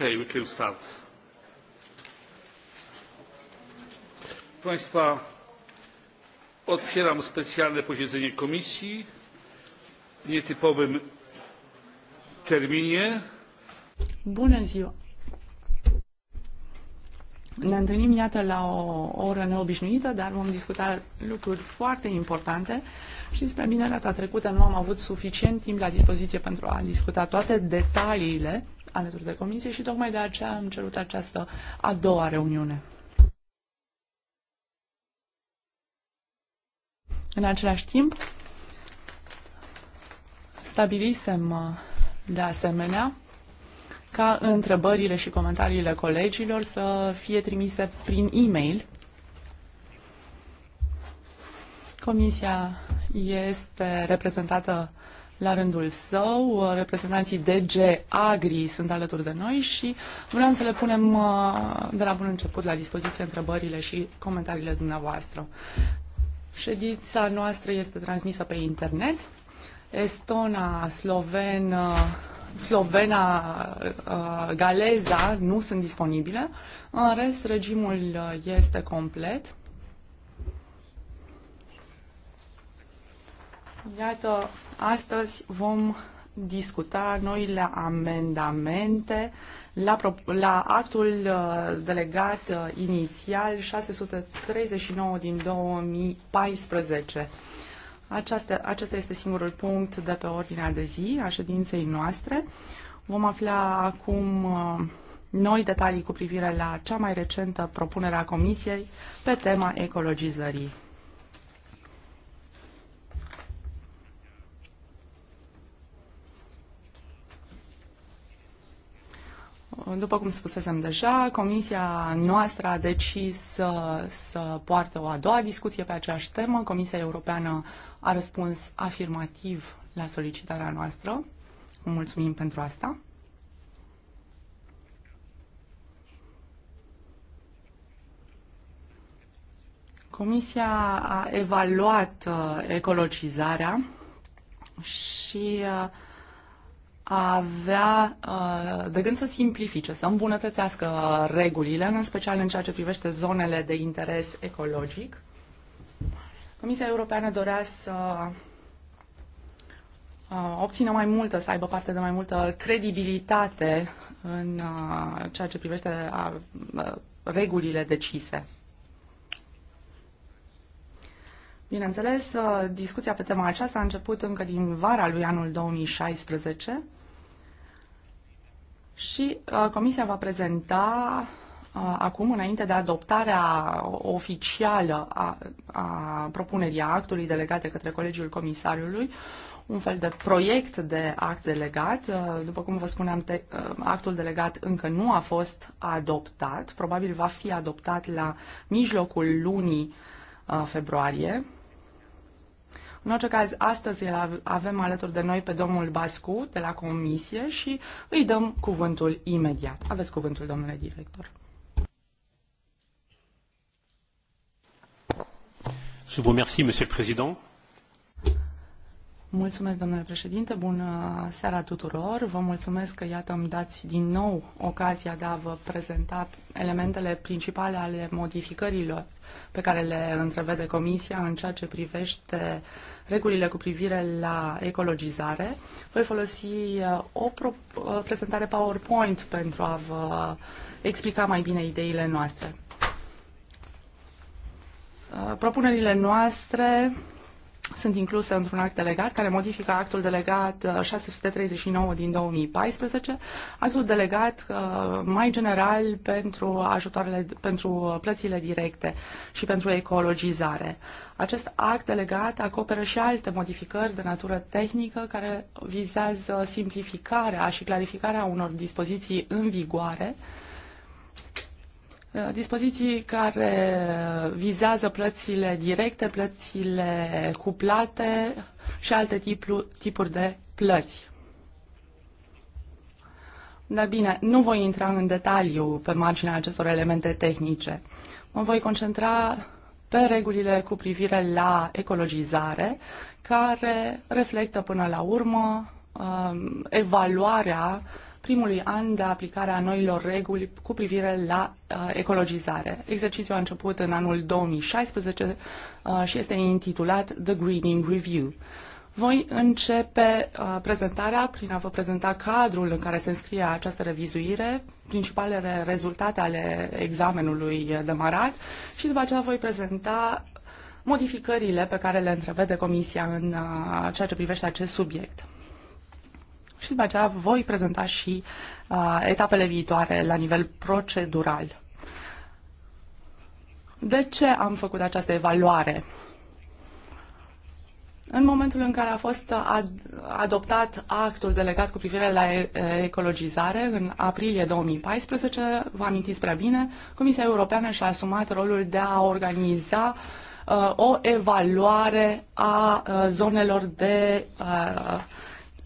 Okay, we can start. Proszę Państwa, otwieram specjalne posiedzenie komisji w nietypowym terminie. Bună ziua! Ne întâlnim, iată, la o oră neobișnuită, dar vom discuta lucruri foarte importante. Știți prea mine, data trecută nu am avut suficient timp la dispoziție pentru a discuta toate detaliile alături de comisie și tocmai de aceea am cerut această a doua reuniune. În același timp, stabilisem uh, de asemenea ca întrebările și comentariile colegilor să fie trimise prin e-mail. Comisia este reprezentată la rândul său. Uh, reprezentanții DG Agri sunt alături de noi și vreau să le punem uh, de la bun început la dispoziție întrebările și comentariile dumneavoastră. Ședința noastră este transmisă pe internet. Estona, slovenă, slovena, uh, galeza nu sunt disponibile. În rest, regimul este complet. Iată, astăzi vom discuta noile amendamente la, la actul uh, delegat uh, inițial 639 din 2014. Aceasta, acesta este singurul punct de pe ordinea de zi a ședinței noastre. Vom afla acum uh, noi detalii cu privire la cea mai recentă propunere a Comisiei pe tema ecologizării. După cum spusesem deja, comisia noastră a decis să, să poartă o a doua discuție pe aceeași temă. Comisia Europeană a răspuns afirmativ la solicitarea noastră. mulțumim pentru asta. Comisia a evaluat uh, ecologizarea și uh, avea uh, de gând să simplifice, să îmbunătățească regulile, în special în ceea ce privește zonele de interes ecologic. Comisia Europeană dorea să uh, obțină mai multă, să aibă parte de mai multă credibilitate în uh, ceea ce privește regulile decise. Bineînțeles, discuția pe tema aceasta a început încă din vara lui anul 2016 și uh, Comisia va prezenta uh, acum, înainte de adoptarea oficială a, a propunerii actului delegat către Colegiul Comisarului, un fel de proiect de act delegat. Uh, după cum vă spuneam, te, uh, actul delegat încă nu a fost adoptat, probabil va fi adoptat la mijlocul lunii uh, februarie, în orice caz, astăzi îl avem alături de noi pe domnul Bascu de la Comisie și îi dăm cuvântul imediat. Aveți cuvântul, domnule director. Je vous remercie, monsieur le président. Mulțumesc, domnule președinte, bună seara tuturor. Vă mulțumesc că, iată, îmi dați din nou ocazia de a vă prezenta elementele principale ale modificărilor pe care le întrevede Comisia în ceea ce privește regulile cu privire la ecologizare. Voi folosi uh, o uh, prezentare PowerPoint pentru a vă explica mai bine ideile noastre. Uh, propunerile noastre sunt incluse într-un act delegat care modifică actul delegat 639 uh, din 2014, actul delegat uh, mai general pentru ajutoarele, pentru plățile directe și pentru ecologizare. Acest act delegat acoperă și alte modificări de natură tehnică care vizează simplificarea și clarificarea unor dispoziții în vigoare, Uh, dispoziții care vizează plățile directe, plățile cuplate și alte tipuri de plăți. Dar bine, nu voi intra în detaliu pe marginea acestor elemente tehnice. Mă voi concentra pe regulile cu privire la ecologizare, care reflectă până la urmă um, evaluarea uh, primului an de aplicare a noilor reguli cu privire la uh, ecologizare. Exercițiul a început în anul 2016 uh, și este intitulat The Greening Review. Voi începe uh, prezentarea prin a vă prezenta cadrul în care se înscrie această revizuire, principalele rezultate ale examenului demarat și după aceea voi prezenta modificările pe care le întrevede Comisia în uh, ceea ce privește acest subiect și după aceea voi prezenta și uh, etapele viitoare la nivel procedural. De ce am făcut această evaluare? În momentul în care a fost ad adoptat actul delegat cu privire la e ecologizare, în aprilie 2014, vă amintiți prea bine, Comisia Europeană și-a asumat rolul de a organiza uh, o evaluare a uh, zonelor de uh,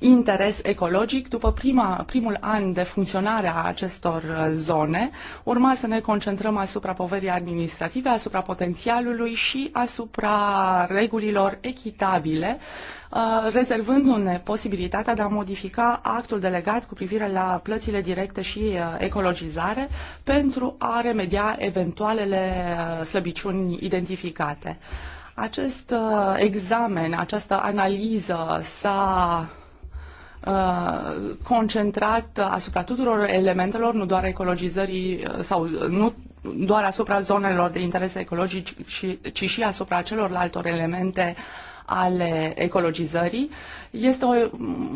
interes ecologic, după prima, primul an de funcționare a acestor uh, zone, urma să ne concentrăm asupra poverii administrative, asupra potențialului și asupra regulilor echitabile, uh, rezervându-ne posibilitatea de a modifica actul delegat cu privire la plățile directe și uh, ecologizare pentru a remedia eventualele slăbiciuni identificate. Acest examen, această analiză s-a Uh, concentrat asupra tuturor elementelor, nu doar ecologizării uh, sau uh, nu doar asupra zonelor de interes ecologic, ci și asupra celorlaltor elemente ale ecologizării. Este o,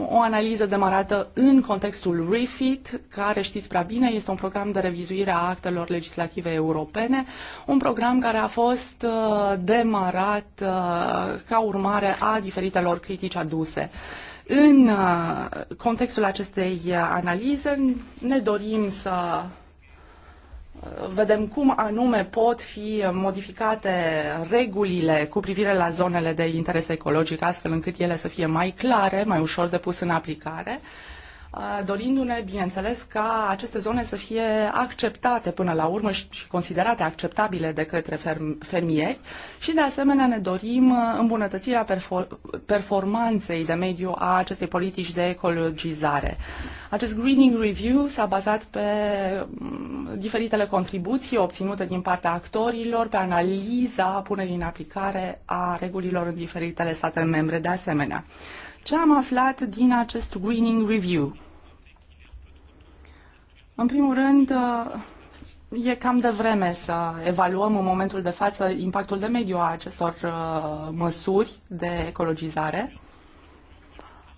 o analiză demarată în contextul REFIT, care știți prea bine, este un program de revizuire a actelor legislative europene, un program care a fost demarat ca urmare a diferitelor critici aduse. În uh, contextul acestei uh, analize ne dorim să uh, vedem cum anume pot fi modificate regulile cu privire la zonele de interes ecologic, astfel încât ele să fie mai clare, mai ușor de pus în aplicare. Uh, dorindu-ne, bineînțeles, ca aceste zone să fie acceptate până la urmă și considerate acceptabile de către fermieri și, de asemenea, ne dorim uh, îmbunătățirea performanței de mediu a acestei politici de ecologizare. Acest Greening Review s-a bazat pe mm, diferitele contribuții obținute din partea actorilor, pe analiza punerii în aplicare a regulilor în diferitele state membre, de asemenea. Ce am aflat din acest Greening Review? În primul rând, e cam de vreme să evaluăm în momentul de față impactul de mediu a acestor uh, măsuri de ecologizare.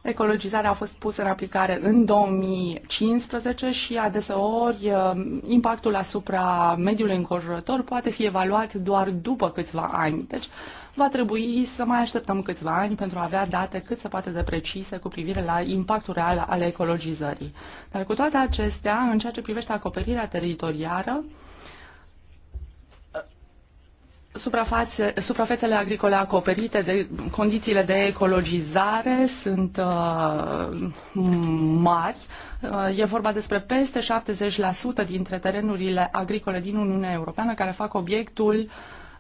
Ecologizarea a fost pusă în aplicare în 2015 și adeseori uh, impactul asupra mediului înconjurător poate fi evaluat doar după câțiva ani. Deci va trebui să mai așteptăm câțiva ani pentru a avea date cât se poate de precise cu privire la impactul real al ecologizării. Dar cu toate acestea, în ceea ce privește acoperirea teritorială, Suprafațe, suprafețele agricole acoperite de condițiile de ecologizare sunt uh, mari. Uh, e vorba despre peste 70% dintre terenurile agricole din Uniunea Europeană care fac obiectul uh,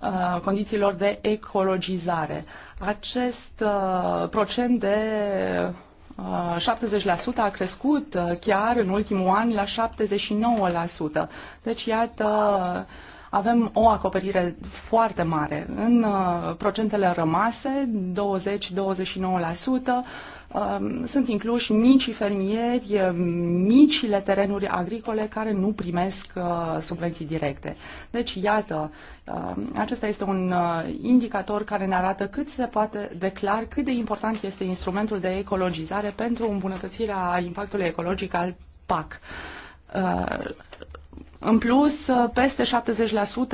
Uh, condițiilor de ecologizare. Acest uh, procent de 70% uh, a crescut chiar în ultimul an la 79%. Deci, iată, avem o acoperire foarte mare. În procentele rămase, 20-29%, Um, sunt incluși micii fermieri, um, micile terenuri agricole care nu primesc uh, subvenții directe. Deci, iată, um, acesta este un uh, indicator care ne arată cât se poate declar cât de important este instrumentul de ecologizare pentru îmbunătățirea impactului ecologic al PAC. Uh, în plus, peste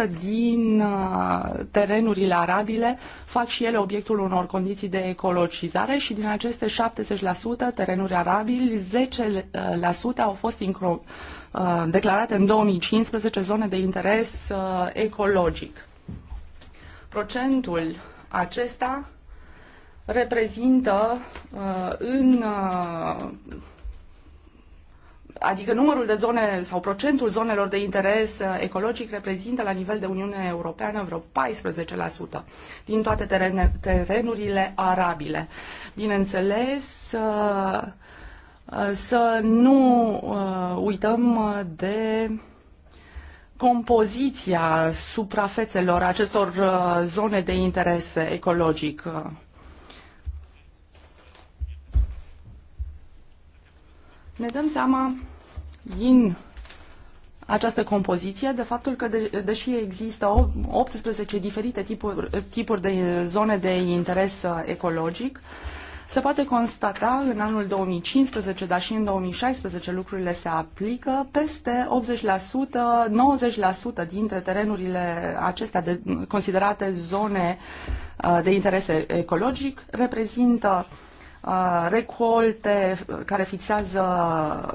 70% din uh, terenurile arabile fac și ele obiectul unor condiții de ecologizare și din aceste 70% terenuri arabili, 10% au fost uh, declarate în 2015 zone de interes uh, ecologic. Procentul acesta reprezintă în adică numărul de zone sau procentul zonelor de interes uh, ecologic reprezintă la nivel de Uniune Europeană vreo 14% din toate terenurile arabile. Bineînțeles, uh, uh, să nu uităm de compoziția suprafețelor acestor zone de interes ecologic ne dăm seama din această compoziție de faptul că, de, deși există 18 diferite tipuri, tipuri de zone de interes uh, ecologic, se poate constata în anul 2015, dar și în 2016 lucrurile se aplică peste 80%, 90% dintre terenurile acestea de, considerate zone uh, de interes ecologic reprezintă uh, recolte care fixează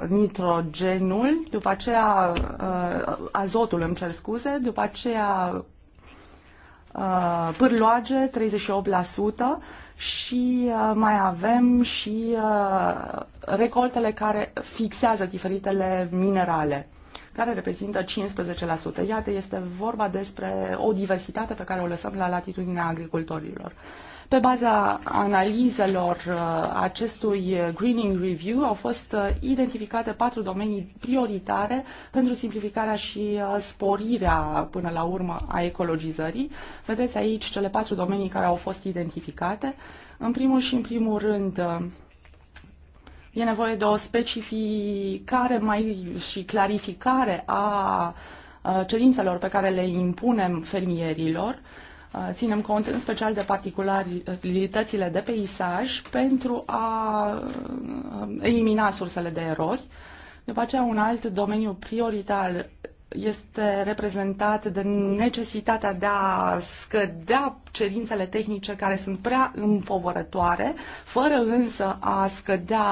nitrogenul, după aceea azotul, îmi cer scuze, după aceea pârloage 38% și mai avem și recoltele care fixează diferitele minerale care reprezintă 15%. Iată, este vorba despre o diversitate pe care o lăsăm la latitudinea agricultorilor. Pe baza analizelor uh, acestui uh, Greening Review au fost uh, identificate patru domenii prioritare pentru simplificarea și sporirea până la urmă a ecologizării. Vedeți aici cele patru domenii care au fost identificate. În primul și în primul rând, e nevoie de o specificare mai și clarificare a cerințelor pe care le impunem fermierilor. Uh, ținem cont în special de particularitățile de peisaj pentru a uh, elimina sursele de erori. După aceea, un alt domeniu prioritar este reprezentat de necesitatea de a scădea cerințele tehnice care sunt prea împovărătoare, fără însă a scădea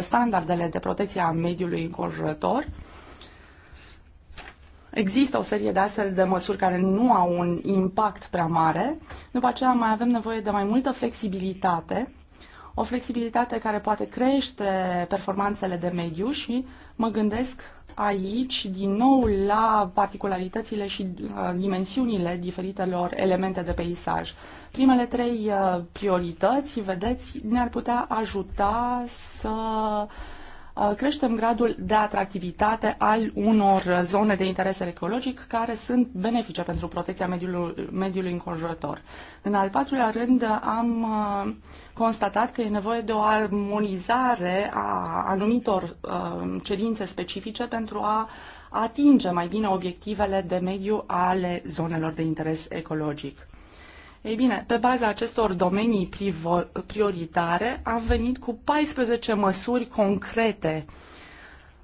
standardele de protecție a mediului înconjurător. Uh, Există o serie de astfel de măsuri care nu au un impact prea mare. După aceea mai avem nevoie de mai multă flexibilitate, o flexibilitate care poate crește performanțele de mediu și mă gândesc aici din nou la particularitățile și uh, dimensiunile diferitelor elemente de peisaj. Primele trei uh, priorități, vedeți, ne-ar putea ajuta să uh, Uh, creștem gradul de atractivitate al unor zone de interes ecologic care sunt benefice pentru protecția mediului, mediului înconjurător. În al patrulea rând am uh, constatat că e nevoie de o armonizare a anumitor uh, cerințe specifice pentru a atinge mai bine obiectivele de mediu ale zonelor de interes ecologic. Ei bine, pe baza acestor domenii prioritare am venit cu 14 măsuri concrete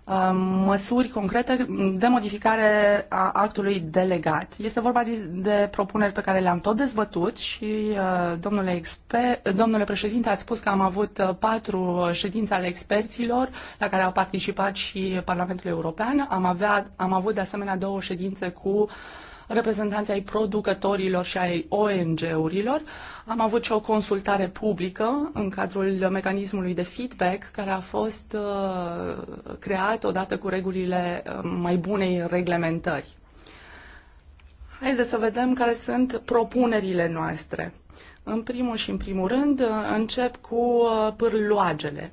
uh, măsuri concrete de modificare a actului delegat. Este vorba de, de propuneri pe care le-am tot dezbătut și, uh, domnule, exper, domnule președinte, a spus că am avut uh, patru ședințe ale experților la care au participat și Parlamentul European. Am, avea, am avut de asemenea două ședințe cu uh, reprezentanții ai producătorilor și ai ONG-urilor. Am avut și o consultare publică în cadrul mecanismului de feedback care a fost uh, creat odată cu regulile uh, mai bunei reglementări. Haideți să vedem care sunt propunerile noastre. În primul și în primul rând uh, încep cu pârloagele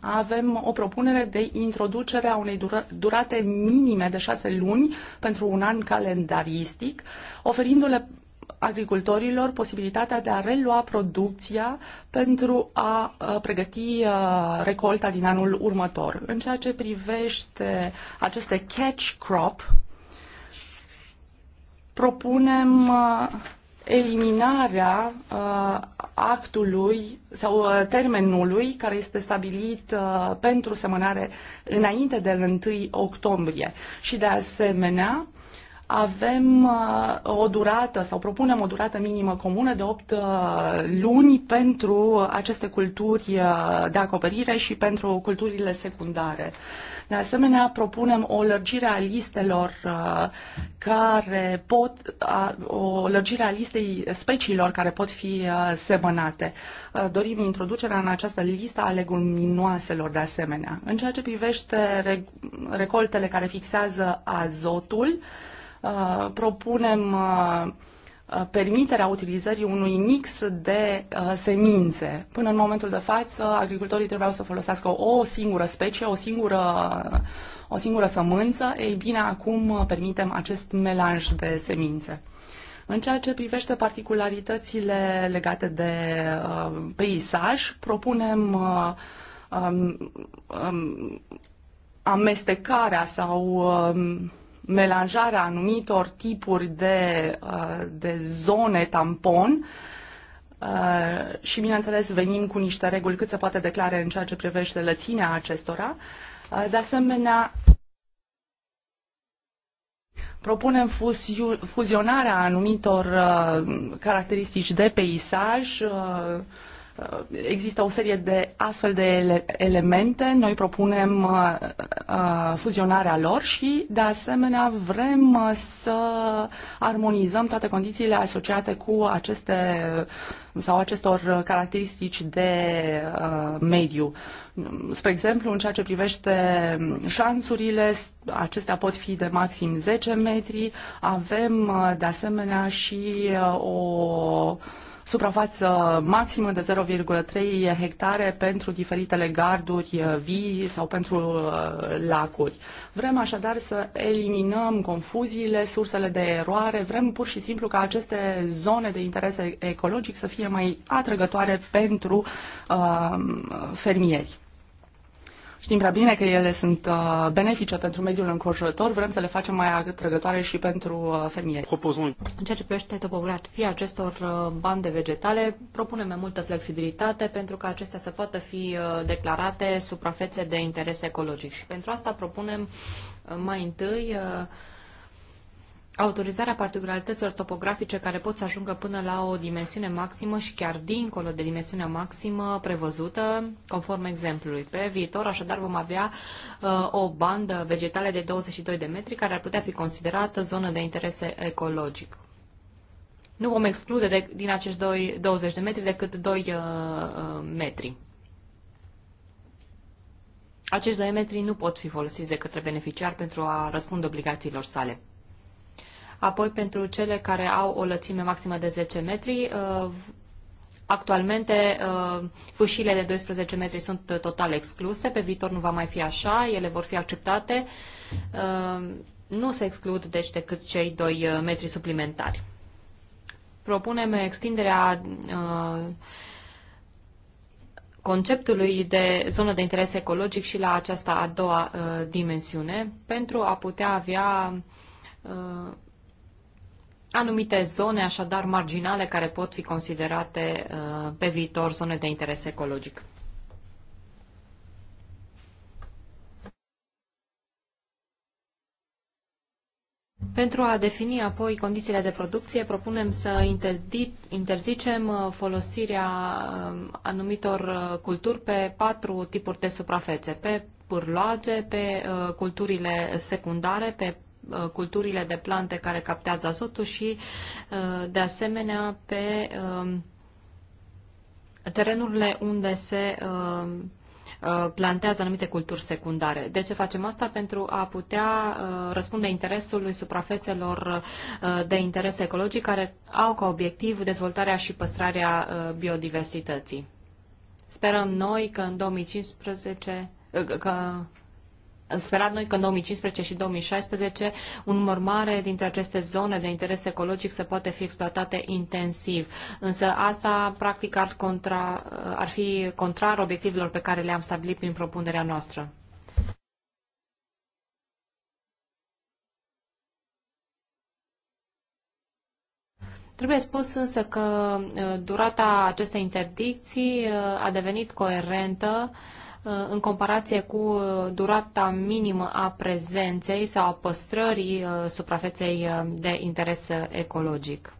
avem o propunere de introducere a unei durate minime de șase luni pentru un an calendaristic, oferindu-le agricultorilor posibilitatea de a relua producția pentru a pregăti recolta din anul următor. În ceea ce privește aceste catch crop, propunem eliminarea uh, actului sau uh, termenului care este stabilit uh, pentru semănare înainte de 1 octombrie. Și de asemenea, avem uh, o durată sau propunem o durată minimă comună de 8 uh, luni pentru aceste culturi uh, de acoperire și pentru culturile secundare. Uh, de asemenea, propunem o lărgire a listelor uh, care pot, o lărgire a listei speciilor care pot fi uh, semănate. Uh, dorim introducerea în această listă a leguminoaselor de asemenea. În ceea ce privește recoltele care fixează azotul, propunem Uh, permiterea utilizării unui mix de uh, semințe. Până în momentul de față, agricultorii trebuiau să folosească o singură specie, o singură, o singură sămânță. Ei bine, acum uh, permitem acest melanj de semințe. În ceea ce privește particularitățile legate de uh, peisaj, propunem uh, um, um, amestecarea sau um, melanjarea anumitor tipuri de, uh, de zone tampon uh, și, bineînțeles, venim cu niște reguli cât se poate declare în ceea ce privește lățimea acestora. Uh, de asemenea, propunem fuzionarea anumitor caracteristici de peisaj Uh, există o serie de astfel de elemente, noi propunem uh, uh, fuzionarea lor și, de asemenea, vrem să armonizăm toate condițiile asociate cu aceste sau acestor caracteristici de mediu. Spre exemplu, în ceea ce privește șanțurile, acestea pot fi de maxim 10 metri. Avem, de asemenea, și o suprafață maximă de 0,3 hectare pentru diferitele garduri uh, vii sau pentru uh, lacuri. Vrem așadar să eliminăm confuziile, sursele de eroare, vrem pur și simplu ca aceste zone de interes ecologic să fie mai atrăgătoare pentru uh, fermieri. Știm prea bine că ele sunt uh, benefice pentru mediul înconjurător, vrem să le facem mai atrăgătoare și pentru uh, femei. În ceea ce privește topografia acestor uh, bande vegetale, propunem mai multă flexibilitate pentru că acestea să poată fi declarate suprafețe de interes ecologic și pentru asta propunem mai întâi uh, autorizarea particularităților topografice care pot să ajungă până la o dimensiune maximă și chiar dincolo de dimensiunea maximă prevăzută, conform exemplului. Pe viitor, așadar, vom avea uh, o bandă vegetală de 22 de metri care ar putea fi considerată zonă de interes ecologic. Nu vom exclude de, din acești doi, 20 de metri decât 2 uh, uh, metri. Acești 2 metri nu pot fi folosiți de către beneficiar pentru a răspunde obligațiilor sale. Apoi, pentru cele care au o lățime maximă de 10 metri, uh, Actualmente, uh, fâșile de 12 metri sunt total excluse, pe viitor nu va mai fi așa, ele vor fi acceptate. Uh, nu se exclud, deci, decât cei 2 metri suplimentari. Propunem extinderea conceptului de zonă de interes ecologic și la aceasta a doua dimensiune, pentru a putea avea anumite zone, așadar, marginale, care pot fi considerate uh, pe viitor zone de interes ecologic. Pentru a defini apoi condițiile de producție, propunem să interzicem uh, folosirea uh, anumitor culturi pe patru tipuri de suprafețe, pe pârloage, pe culturile secundare, pe Uh, culturile de plante care captează azotul și, uh, de asemenea, pe um, terenurile unde se um, uh, plantează anumite culturi secundare. De ce facem asta? Pentru a putea răspunde interesului suprafețelor de interes ecologic care au ca obiectiv dezvoltarea și păstrarea biodiversității. Sperăm noi că în 2015 că sperat noi că în 2015 și 2016 un număr mare dintre aceste zone de interes ecologic să poate fi exploatate intensiv. Însă asta, practic, ar, contra, ar fi contrar obiectivelor pe care le-am stabilit prin propunerea noastră. Trebuie spus însă că uh, durata acestei interdicții uh, a devenit coerentă uh, în comparație cu uh, durata minimă a prezenței sau a păstrării uh, suprafeței uh, de interes ecologic.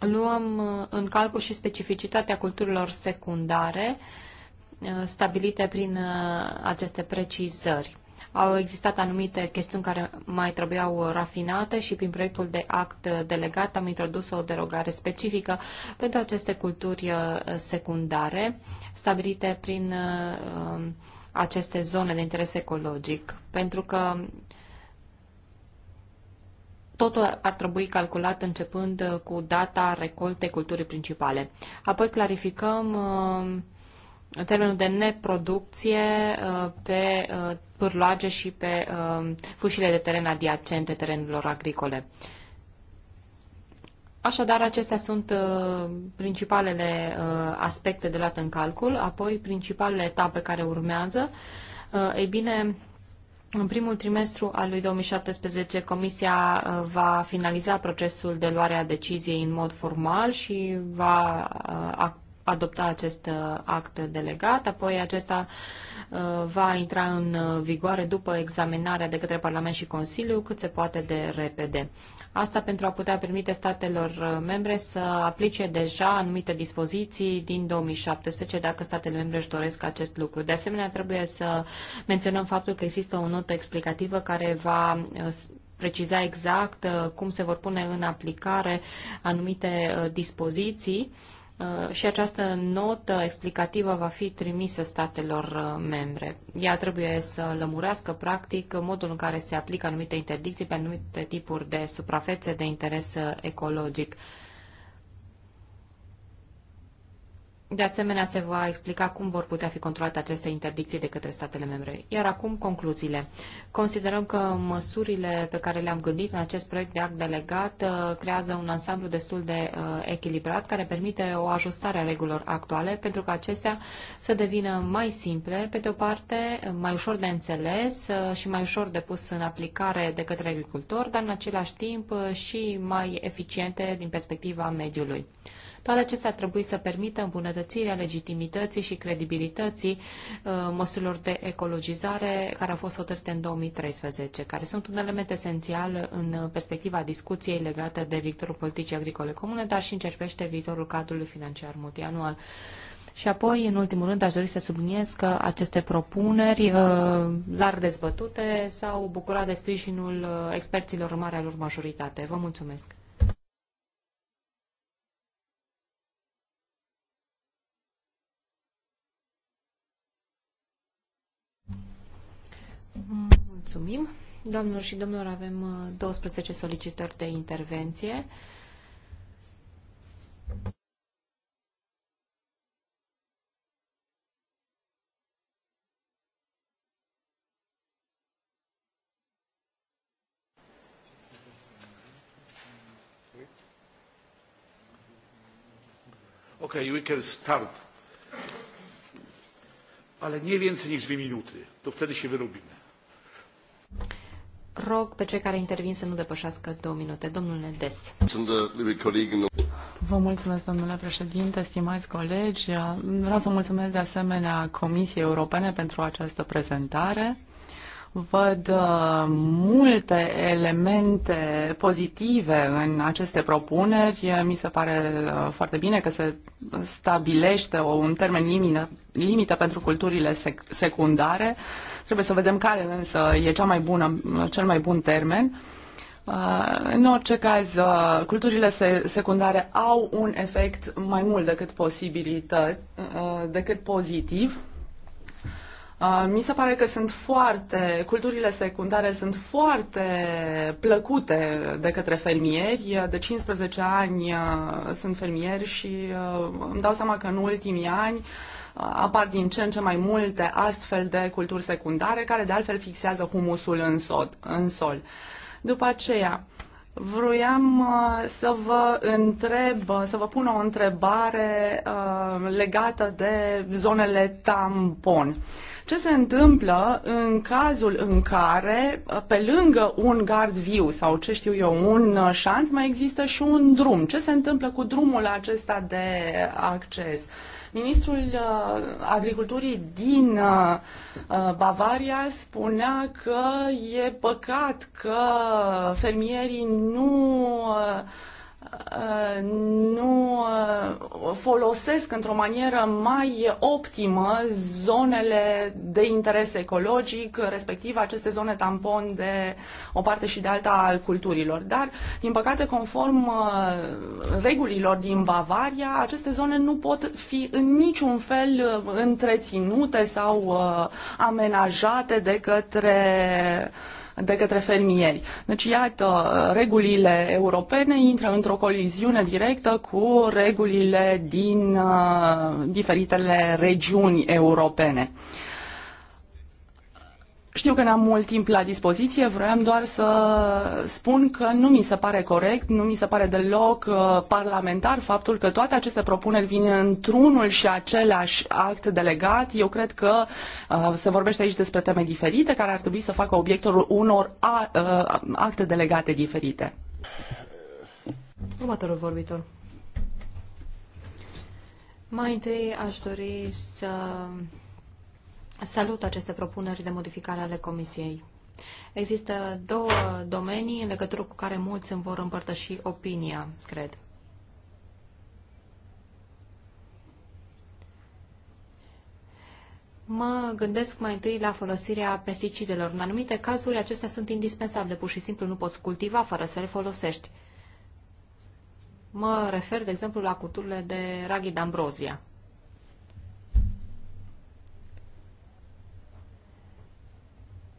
Luăm în calcul și specificitatea culturilor secundare stabilite prin aceste precizări. Au existat anumite chestiuni care mai trebuiau rafinate și prin proiectul de act delegat am introdus o derogare specifică pentru aceste culturi uh, secundare stabilite prin uh, aceste zone de interes ecologic, pentru că totul ar trebui calculat începând cu data recoltei culturii principale. Apoi clarificăm uh, termenul de neproducție uh, pe uh, pârloage și pe uh, fâșile de teren adiacente terenurilor agricole. Așadar, acestea sunt principalele aspecte de luat în calcul, apoi principalele etape care urmează. Ei bine, în primul trimestru al lui 2017, Comisia va finaliza procesul de luare a deciziei în mod formal și va adopta acest uh, act delegat, apoi acesta uh, va intra în uh, vigoare după examinarea de către Parlament și Consiliu cât se poate de repede. Asta pentru a putea permite statelor membre să aplice deja anumite dispoziții din 2017, dacă statele membre își doresc acest lucru. De asemenea, trebuie să menționăm faptul că există o notă explicativă care va preciza exact cum se vor pune în aplicare anumite dispoziții Uh, și această notă explicativă va fi trimisă statelor uh, membre. Ea trebuie să lămurească, practic, modul în care se aplică anumite interdicții pe anumite tipuri de suprafețe de interes uh, ecologic. De asemenea, se va explica cum vor putea fi controlate aceste interdicții de către statele membre. Iar acum, concluziile. Considerăm că măsurile pe care le-am gândit în acest proiect de act delegat uh, creează un ansamblu destul de uh, echilibrat care permite o ajustare a regulilor actuale pentru că acestea să devină mai simple, pe de o parte, mai ușor de înțeles uh, și mai ușor de pus în aplicare de către agricultori, dar în același timp și mai eficiente din perspectiva mediului. Toate acestea ar trebui să permită îmbunătățirea legitimității și credibilității uh, măsurilor de ecologizare care au fost hotărâte în 2013, care sunt un element esențial în perspectiva discuției legate de viitorul politicii agricole comune, dar și încerpește viitorul cadrului financiar multianual. Și apoi, în ultimul rând, aș dori să subliniez că aceste propuneri uh, larg dezbătute s-au bucurat de sprijinul uh, experților în marea lor majoritate. Vă mulțumesc! Mulțumim. Doamnelor și domnilor, avem 12 uh, solicitări de intervenție. Ok, we can start. Ale nie więcej niż dwie minuty. To wtedy się wyrobimy rog pe cei care intervin să nu depășească două minute. Domnule Des. Uh, Vă mulțumesc, domnule președinte, stimați colegi. Vreau să mulțumesc de asemenea Comisiei Europene pentru această prezentare. Văd uh, multe elemente pozitive în aceste propuneri. Mi se pare uh, foarte bine că se stabilește un termen limită, limită pentru culturile sec- secundare. Trebuie să vedem care însă e cea mai bună, cel mai bun termen. Uh, în orice caz, culturile secundare au un efect mai mult decât posibilită, decât pozitiv Uh, mi se pare că sunt foarte, culturile secundare sunt foarte plăcute de către fermieri. De 15 ani uh, sunt fermieri și uh, îmi dau seama că în ultimii ani apar din ce în ce mai multe astfel de culturi secundare care de altfel fixează humusul în, sol. În sol. După aceea, Vroiam să vă întreb, să vă pun o întrebare legată de zonele tampon. Ce se întâmplă în cazul în care, pe lângă un gard viu sau ce știu eu, un uh, șans, mai există și un drum? Ce se întâmplă cu drumul acesta de acces? Ministrul uh, Agriculturii din uh, uh Bavaria spunea că e păcat că fermierii nu uh, Uh, nu uh, folosesc într-o manieră mai optimă zonele de interes ecologic, respectiv aceste zone tampon de o parte și de alta al culturilor. Dar, din păcate, conform uh, regulilor din Bavaria, aceste zone nu pot fi în niciun fel întreținute sau amenajate de către de către fermieri. Deci, iată, regulile europene intră într-o coliziune directă cu regulile din uh, diferitele regiuni europene. Uh, știu că n-am mult timp la dispoziție, vreau doar să spun că nu mi se pare corect, nu mi se pare deloc uh, parlamentar faptul că toate aceste propuneri vin într-unul și același act delegat. Eu cred că uh, se vorbește aici despre teme diferite care ar trebui să facă obiectul unor uh, acte delegate diferite. Următorul vorbitor. Mai întâi aș dori să Salut aceste propuneri de modificare ale Comisiei. Există două domenii în legătură cu care mulți îmi vor împărtăși opinia, cred. Mă gândesc mai întâi la folosirea pesticidelor. În anumite cazuri, acestea sunt indispensabile. Pur și simplu nu poți cultiva fără să le folosești. Mă refer, de exemplu, la culturile de raghid ambrozia.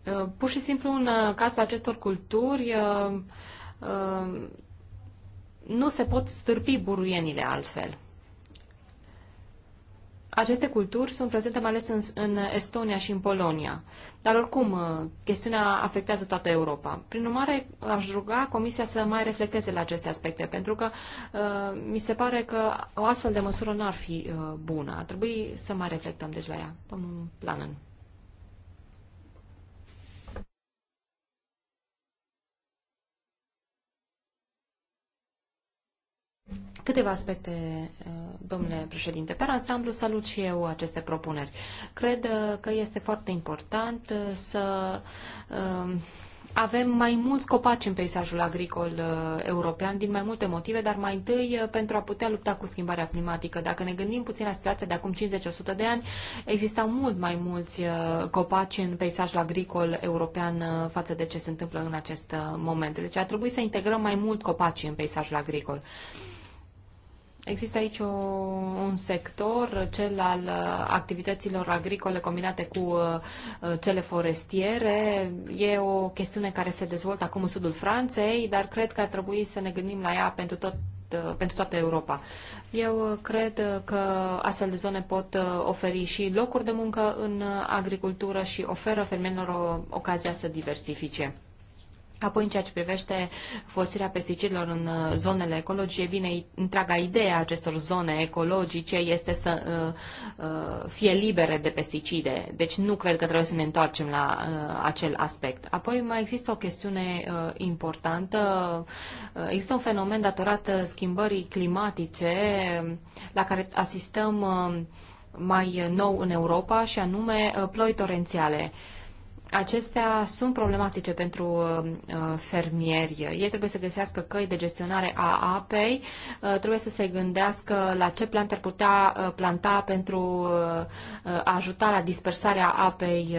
Uh, pur și simplu, în uh, cazul acestor culturi, uh, nu se pot stârpi buruienile altfel. Aceste culturi sunt prezente mai ales în, în Estonia și în Polonia. Dar oricum, chestiunea afectează toată Europa. Prin urmare, aș ruga Comisia să mai reflecteze la aceste aspecte, pentru că uh, mi se pare că o astfel de măsură n-ar fi uh, bună. Ar trebui să mai reflectăm deci la ea. Domnul Planen. Câteva aspecte, uh, domnule președinte. Per ansamblu, salut și eu aceste propuneri. Cred uh, că este foarte important uh, să avem mai mulți copaci în peisajul agricol european din mai multe motive, dar mai întâi pentru a putea lupta cu schimbarea climatică. Dacă ne gândim puțin la situația de acum 50-100 de ani, existau mult mai mulți copaci în peisajul agricol european față de ce se întâmplă în acest moment. Deci ar trebui să integrăm mai mult copaci în peisajul agricol. Uh, Există aici o, un sector, cel al uh, activităților agricole combinate cu uh, uh, cele forestiere. E o chestiune care se dezvoltă acum în sudul Franței, dar cred că ar trebui să ne gândim la ea pentru tot pentru toată Europa. Eu cred că astfel de zone pot oferi și locuri de muncă în agricultură și oferă fermierilor ocazia să diversifice. Apoi, în ceea ce privește folosirea pesticidelor în uh, zonele ecologice, bine, întreaga idee a acestor zone ecologice este să uh, uh, fie libere de pesticide. Deci nu cred că trebuie să ne întoarcem la uh, acel aspect. Apoi mai există o chestiune uh, importantă. Uh, există un fenomen datorat schimbării climatice um, la care asistăm mai nou în Europa și anume ploi torențiale. Uh, acestea sunt problematice pentru uh, fermieri. Ei trebuie să găsească căi de gestionare a apei, uh, trebuie să se gândească la ce plante ar putea uh, planta pentru a ajuta la dispersarea apei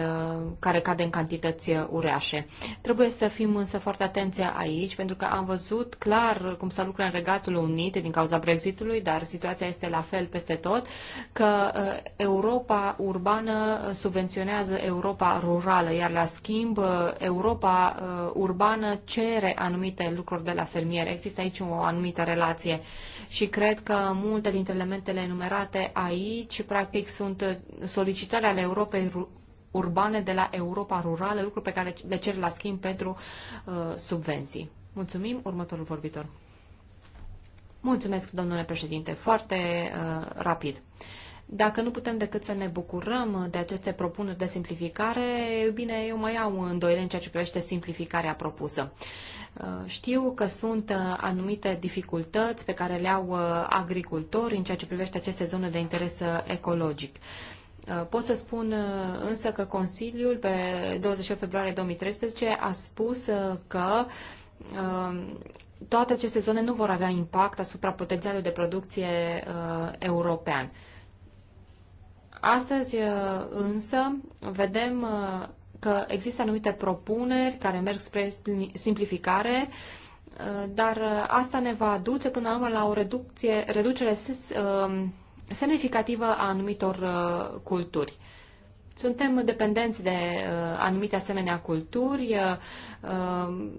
care cade în cantități ureașe. Trebuie să fim însă foarte atenți aici, pentru că am văzut clar cum s-a lucrat în Regatul Unit din cauza Brexitului, dar situația este la fel peste tot, că Europa urbană subvenționează Europa rurală iar la schimb uh, Europa uh, urbană cere anumite lucruri de la fermier. Există aici o anumită relație și cred că multe dintre elementele enumerate aici practic sunt uh, solicitări ale Europei urbane de la Europa rurală, lucruri pe care le cer la schimb pentru subvenții. Mulțumim. Următorul vorbitor. Mulțumesc, domnule președinte. Foarte uh, rapid. Uh, dacă nu putem decât să ne bucurăm uh, de aceste propuneri de simplificare, eh, bine, eu mai au îndoiele în ceea ce privește simplificarea propusă. Uh, știu că sunt uh, anumite dificultăți pe care le au agricultorii în ceea ce privește aceste zone de interes ecologic. Pot să spun însă că Consiliul pe 28 februarie 2013 a spus că toate aceste zone nu vor avea impact asupra potențialului de producție european. Astăzi uh, însă vedem uh, că există anumite propuneri care merg spre simplificare, uh, dar asta ne va duce până la urmă la o reducție, reducere semnificativă a anumitor culturi. Suntem dependenți de anumite asemenea culturi,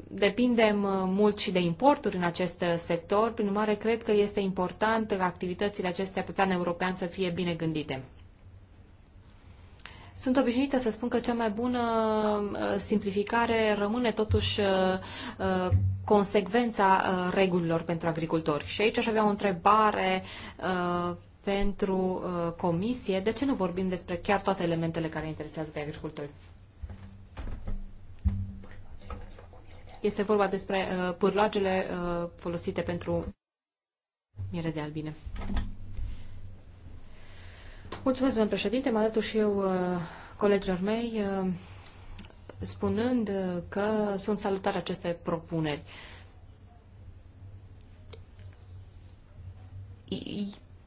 depindem mult și de importuri în acest sector, prin urmare cred că este important ca activitățile acestea pe plan european să fie bine gândite. Sunt obișnuită să spun că cea mai bună uh, simplificare rămâne totuși uh, uh, consecvența regulilor pentru agricultori. Și aici aș avea o întrebare pentru comisie. De ce nu vorbim despre chiar toate elementele care interesează pe agricultori? Este vorba despre pârloagele folosite pentru miere de albine. Mulțumesc, domnule președinte. Mă alătur și eu uh, colegilor mei uh, spunând uh, că sunt salutare aceste propuneri.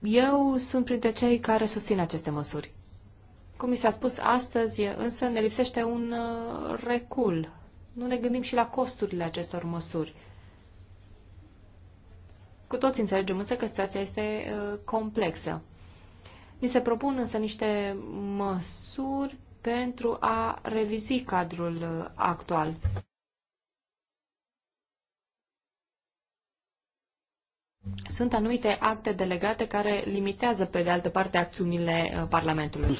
Eu sunt printre cei care susțin aceste măsuri. Cum mi s-a spus astăzi, însă ne lipsește un recul. Nu ne gândim și la costurile acestor măsuri. Cu toți înțelegem însă că situația este complexă. Ni se propun însă niște măsuri pentru a revizui cadrul actual. sunt anumite acte delegate care limitează, pe de altă parte, acțiunile uh, Parlamentului.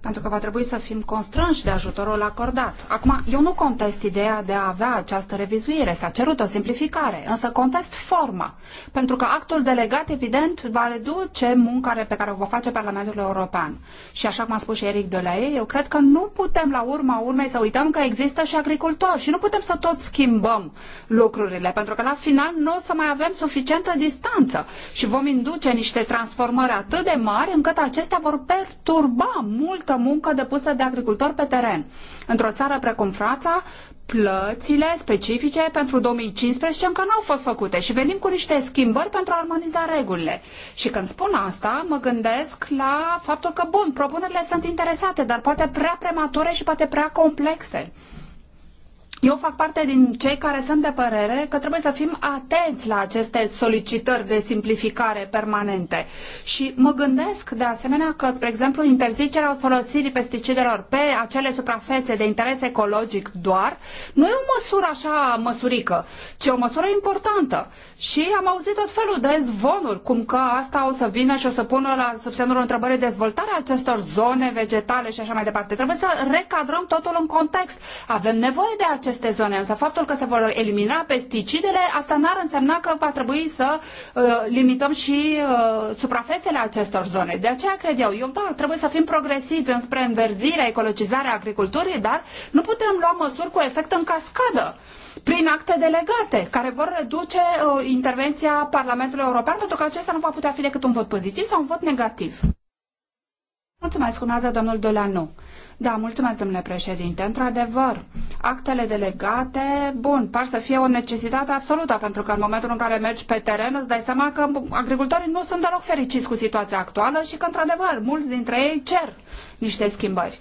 Pentru că va trebui să fim constrânși de ajutorul acordat. Acum, eu nu contest ideea de a avea această revizuire, s-a cerut o simplificare, însă contest forma. Pentru că actul delegat, evident, va reduce munca pe care o va face Parlamentul European. Și așa cum a spus și Eric Delaie, eu cred că nu putem la urma urmei să uităm că există și agricultori și nu putem să tot schimbăm lucrurile, pentru că la final nu o să mai avem suficient suficientă distanță și vom induce niște transformări atât de mari încât acestea vor perturba multă muncă depusă de agricultori pe teren. Într-o țară precum Franța, plățile specifice pentru 2015 încă nu au fost făcute și venim cu niște schimbări pentru a armoniza regulile. Și când spun asta, mă gândesc la faptul că, bun, propunerile sunt interesate, dar poate prea premature și poate prea complexe eu fac parte din cei care sunt de părere că trebuie să fim atenți la aceste solicitări de simplificare permanente. Și mă gândesc de asemenea că, spre exemplu, interzicerea folosirii pesticidelor pe acele suprafețe de interes ecologic doar nu e o măsură așa măsurică, ci o măsură importantă. Și am auzit tot felul de zvonuri, cum că asta o să vină și o să pună la sub semnul întrebării dezvoltarea acestor zone vegetale și așa mai departe. Trebuie să recadrăm totul în context. Avem nevoie de acest aceste zone, însă faptul că se vor elimina pesticidele, asta n-ar însemna că va trebui să uh, limităm și uh, suprafețele acestor zone. De aceea cred eu, eu da, trebuie să fim progresivi înspre înverzirea, ecologizarea agriculturii, dar nu putem lua măsuri cu efect în cascadă prin acte delegate, care vor reduce uh, intervenția Parlamentului European, pentru că acesta nu va putea fi decât un vot pozitiv sau un vot negativ. Mulțumesc, urmează domnul Dolanu. Da, mulțumesc, domnule președinte. Într-adevăr, actele delegate, bun, par să fie o necesitate absolută, pentru că în momentul în care mergi pe teren îți dai seama că agricultorii nu sunt deloc fericiți cu situația actuală și că, într-adevăr, mulți dintre ei cer niște schimbări.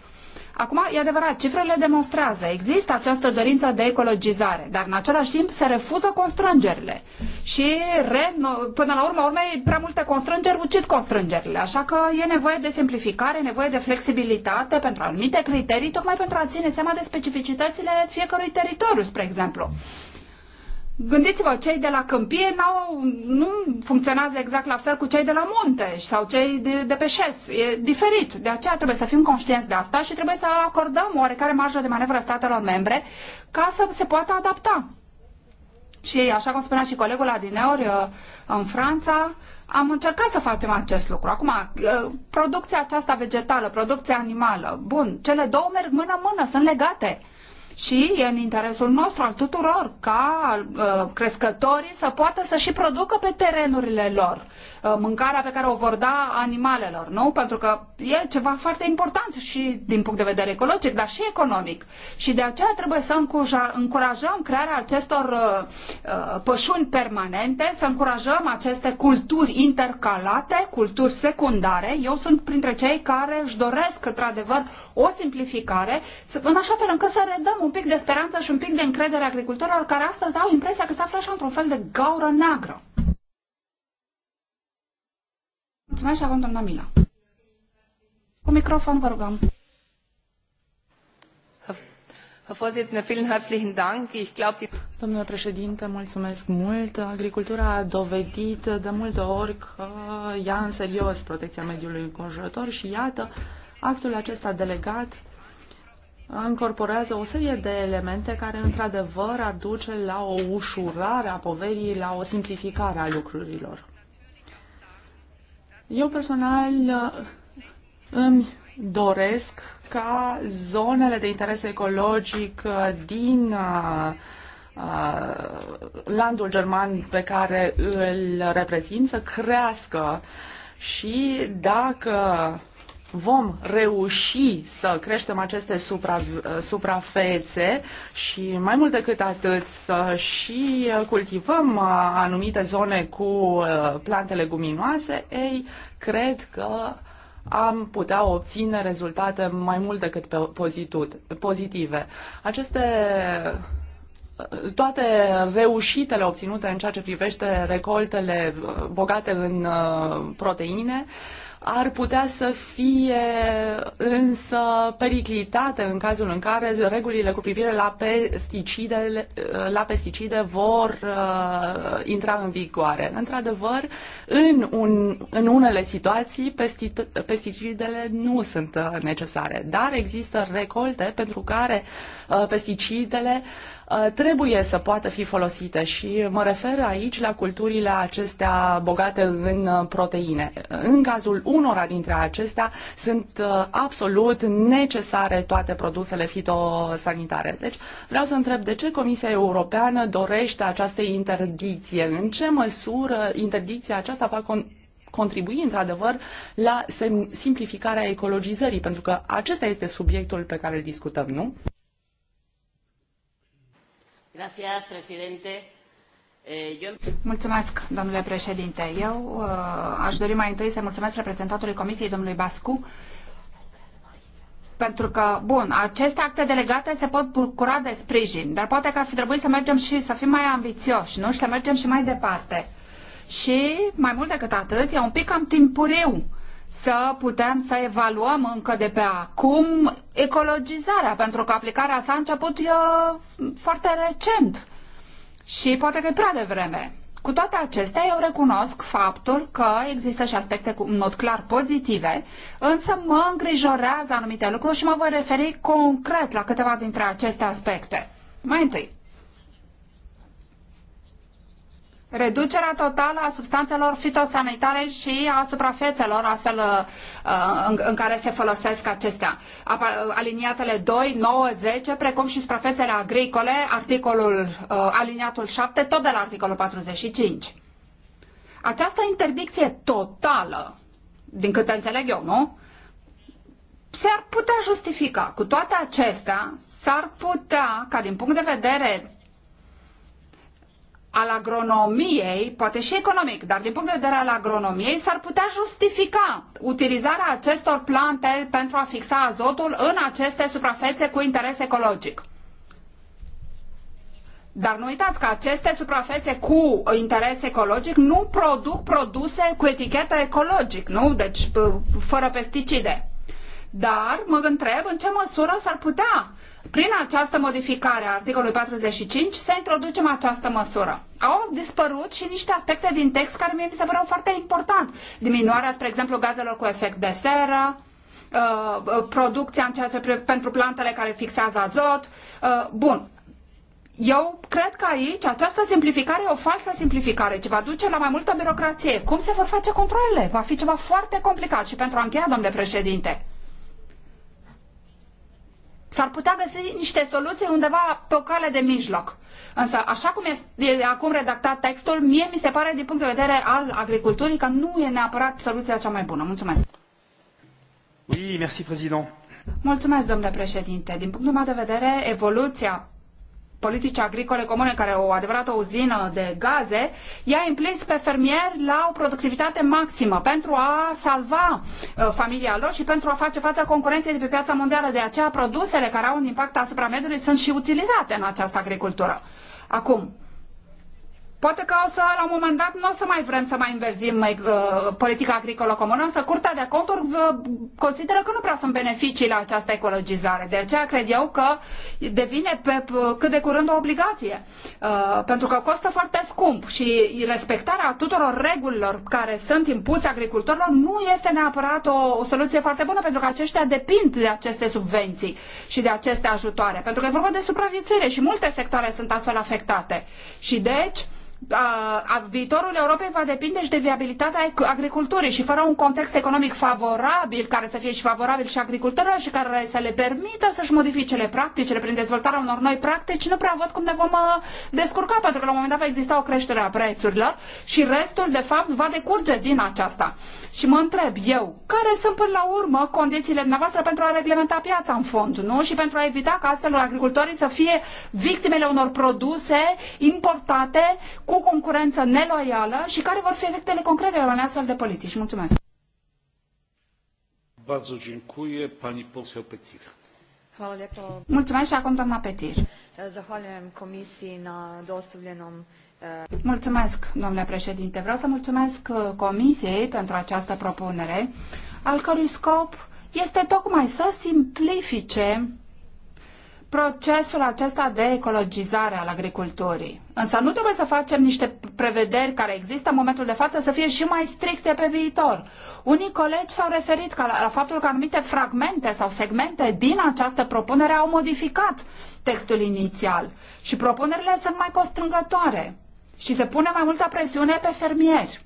Acum, e adevărat, cifrele demonstrează, există această dorință de ecologizare, dar în același timp se refuză constrângerile. Și re, până la urmă, urmei, prea multe constrângeri ucid constrângerile. Așa că e nevoie de simplificare, nevoie de flexibilitate pentru anumite criterii, tocmai pentru a ține seama de specificitățile fiecărui teritoriu, spre exemplu. Gândiți-vă, cei de la câmpie nu funcționează exact la fel cu cei de la munte sau cei de, de pe șes. E diferit. De aceea trebuie să fim conștienți de asta și trebuie să acordăm oarecare marjă de manevră statelor membre ca să se poată adapta. Și așa cum spunea și colegul adineori uh, în Franța, am încercat să facem acest lucru. Acum, uh, producția aceasta vegetală, producția animală, bun, cele două merg mână-mână, sunt legate și e în interesul nostru al tuturor ca uh, crescătorii să poată să și producă pe terenurile lor uh, mâncarea pe care o vor da animalelor, nu? Pentru că e ceva foarte important și din punct de vedere ecologic, dar și economic. Și de aceea trebuie să încurajăm crearea acestor uh, uh, pășuni permanente, să încurajăm aceste culturi intercalate, culturi secundare. Eu sunt printre cei care își doresc, într-adevăr, o simplificare, în așa fel încât să redăm un pic de speranță și un pic de încredere agricultorilor care astăzi au impresia că se află așa într-un fel de gaură neagră. Mulțumesc și acum doamna Mila. Cu microfon vă rugăm. Domnule președinte, mulțumesc mult. Agricultura a dovedit de multe ori că ia în serios protecția mediului înconjurător și iată, actul acesta delegat încorporează o serie de elemente care, într-adevăr, ar duce la o ușurare a poverii, la o simplificare a lucrurilor. Eu personal uh, îmi doresc ca zonele de interes ecologic uh, din uh, landul german pe care îl reprezint să crească și dacă vom reuși să creștem aceste supra, suprafețe și mai mult decât atât să și cultivăm uh, anumite zone cu uh, plante leguminoase, ei, cred că am putea obține rezultate mai mult decât pozitive. Aceste uh, toate reușitele obținute în ceea ce privește recoltele bogate în proteine uh, ar putea să fie însă periclitate în cazul în care regulile cu privire la pesticide, la pesticide vor uh, intra în vigoare. Într-adevăr, în, un, în unele situații pesticidele nu sunt uh, necesare, dar există recolte pentru care uh, pesticidele uh, trebuie să poată fi folosite și mă refer aici la culturile acestea bogate în uh, proteine. În cazul unora dintre acestea sunt uh, absolut necesare toate produsele fitosanitare. Deci vreau să întreb de ce Comisia Europeană dorește această interdicție? În ce măsură interdicția aceasta va con- contribui într-adevăr la simplificarea ecologizării, pentru că acesta este subiectul pe care îl discutăm, nu? Gracias, presidente. Mulțumesc, domnule președinte. Eu uh, aș dori mai întâi să mulțumesc reprezentantului Comisiei, domnului Bascu, pentru că, bun, aceste acte delegate se pot bucura de sprijin, dar poate că ar fi trebuit să mergem și să fim mai ambițioși, nu? Și să mergem și mai departe. Și, mai mult decât atât, e un pic cam timpuriu să putem să evaluăm încă de pe acum ecologizarea, pentru că aplicarea sa a început e, foarte recent și poate că e prea devreme. Cu toate acestea, eu recunosc faptul că există și aspecte cu, în mod clar pozitive, însă mă îngrijorează anumite lucruri și mă voi referi concret la câteva dintre aceste aspecte. Mai întâi, Reducerea totală a substanțelor fitosanitare și a suprafețelor astfel uh, în, care se folosesc acestea. Aliniatele 2, 9, 10, precum și suprafețele agricole, articolul uh, aliniatul 7, tot de la articolul 45. Această interdicție totală, din câte înțeleg eu, nu? S-ar putea justifica. Cu toate acestea, s-ar putea ca din punct de vedere al agronomiei, poate și economic, dar din punct de vedere al agronomiei, s-ar putea justifica utilizarea acestor plante pentru a fixa azotul în aceste suprafețe cu interes ecologic. Dar nu uitați că aceste suprafețe cu interes ecologic nu produc produse cu etichetă ecologic, nu? Deci fără pesticide. Dar mă întreb în ce măsură s-ar putea prin această modificare a articolului 45 se introducem această măsură. Au dispărut și niște aspecte din text care mie mi se păreau foarte important. Diminuarea, spre exemplu, gazelor cu efect de seră, uh, uh, producția în ceea ce pentru plantele care fixează azot. Uh, bun, eu cred că aici această simplificare e o falsă simplificare, ce va duce la mai multă birocrație. Cum se vor face controlele? Va fi ceva foarte complicat și pentru a încheia, domnule președinte. S-ar putea găsi niște soluții undeva pe o cale de mijloc. Însă, așa cum este acum redactat textul, mie mi se pare, din punct de vedere al agriculturii, că nu e neapărat soluția cea mai bună. Mulțumesc! Oui, merci, Mulțumesc, domnule președinte. Din punctul meu de vedere, evoluția politici agricole comune, care o adevărată uzină de gaze, i-a implins pe fermieri la o productivitate maximă pentru a salva uh, familia lor și pentru a face față concurenței de pe piața mondială. De aceea, produsele care au un impact asupra mediului sunt și utilizate în această agricultură. Acum, Poate că o să, la un moment dat, nu o să mai vrem să mai inverzim mai, uh, politica agricolă comună, însă Curtea de Conturi uh, consideră că nu prea sunt beneficii la această ecologizare. De aceea cred eu că devine pe, uh, cât de curând o obligație, uh, pentru că costă foarte scump și respectarea tuturor regulilor care sunt impuse agricultorilor nu este neapărat o, o soluție foarte bună, pentru că aceștia depind de aceste subvenții și de aceste ajutoare, pentru că e vorba de supraviețuire și multe sectoare sunt astfel afectate. Și deci, a, viitorul Europei va depinde și de viabilitatea agriculturii și fără un context economic favorabil, care să fie și favorabil și agricultorilor și care să le permită să-și modifice practicile prin dezvoltarea unor noi practici, nu prea văd cum ne vom uh, descurca, pentru că la un moment dat va exista o creștere a prețurilor și restul, de fapt, va decurge din aceasta. Și mă întreb eu, care sunt până la urmă condițiile dumneavoastră pentru a reglementa piața în fond, nu? Și pentru a evita ca astfel agricultorii să fie victimele unor produse importate cu concurență neloială și care vor fi efectele concrete ale unei astfel de politici. Mulțumesc! Bardzo dziękuję. Pani poseł Petir. Mulțumesc și acum doamna Petir. Zahvaljujem komisiji na dostavljenom Mulțumesc, domnule președinte. Vreau să mulțumesc Comisiei pentru această propunere, al cărui scop este tocmai să simplifice procesul acesta de ecologizare al agriculturii. Însă nu trebuie să facem niște prevederi care există în momentul de față să fie și mai stricte pe viitor. Unii colegi s-au referit ca la, la faptul că anumite fragmente sau segmente din această propunere au modificat textul inițial și propunerile sunt mai constrângătoare și se pune mai multă presiune pe fermieri.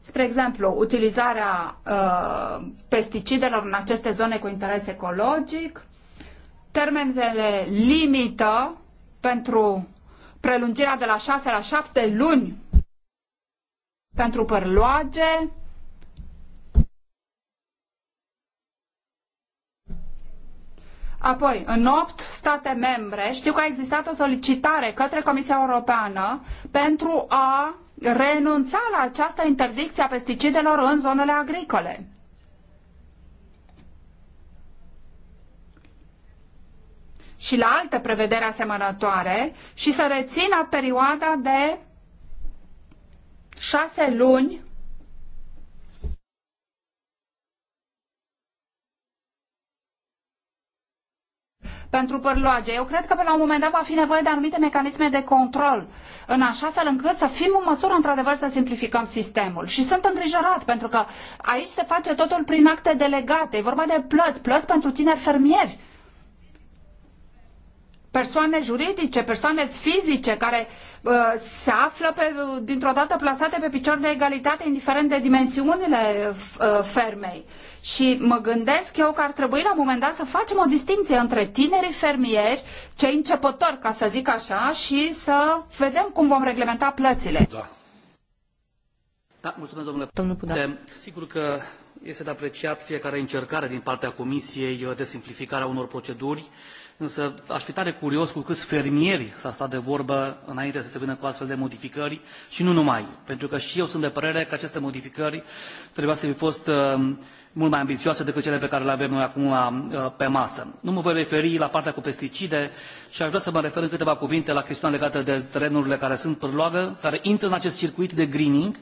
Spre exemplu, utilizarea uh, pesticidelor în aceste zone cu interes ecologic, termenele limită pentru prelungirea de la 6 la 7 luni pentru părloage, Apoi, în opt state membre, știu că a existat o solicitare către Comisia Europeană pentru a renunța la această interdicție a pesticidelor în zonele agricole. și la alte prevederi asemănătoare și să rețină perioada de șase luni pentru părloage. Eu cred că pe la un moment dat va fi nevoie de anumite mecanisme de control, în așa fel încât să fim în măsură, într-adevăr, să simplificăm sistemul. Și sunt îngrijorat, pentru că aici se face totul prin acte delegate. E vorba de plăți, plăți pentru tineri fermieri. Uh, persoane juridice, persoane fizice care uh, se află dintr-o dată plasate pe picior de egalitate, indiferent de dimensiunile uh, fermei. Și mă gândesc eu că ar trebui la un moment dat să facem o distinție între tinerii fermieri, cei începători, ca să zic așa, și să vedem cum vom reglementa plățile. Da. Da, mulțumesc, domnule. Domnul Puda. Sigur că este de apreciat fiecare încercare din partea Comisiei de simplificare a unor proceduri Însă aș fi tare curios cu câți fermieri s-a stat de vorbă înainte să se vină cu astfel de modificări și nu numai. Pentru că și eu sunt de părere că aceste modificări trebuia să fi fost uh, mult mai ambițioase decât cele pe care le avem noi acum uh, pe masă. Nu mă voi referi la partea cu pesticide și aș vrea să mă refer în câteva cuvinte la chestiunea legată de terenurile care sunt pârloagă, care intră în acest circuit de greening,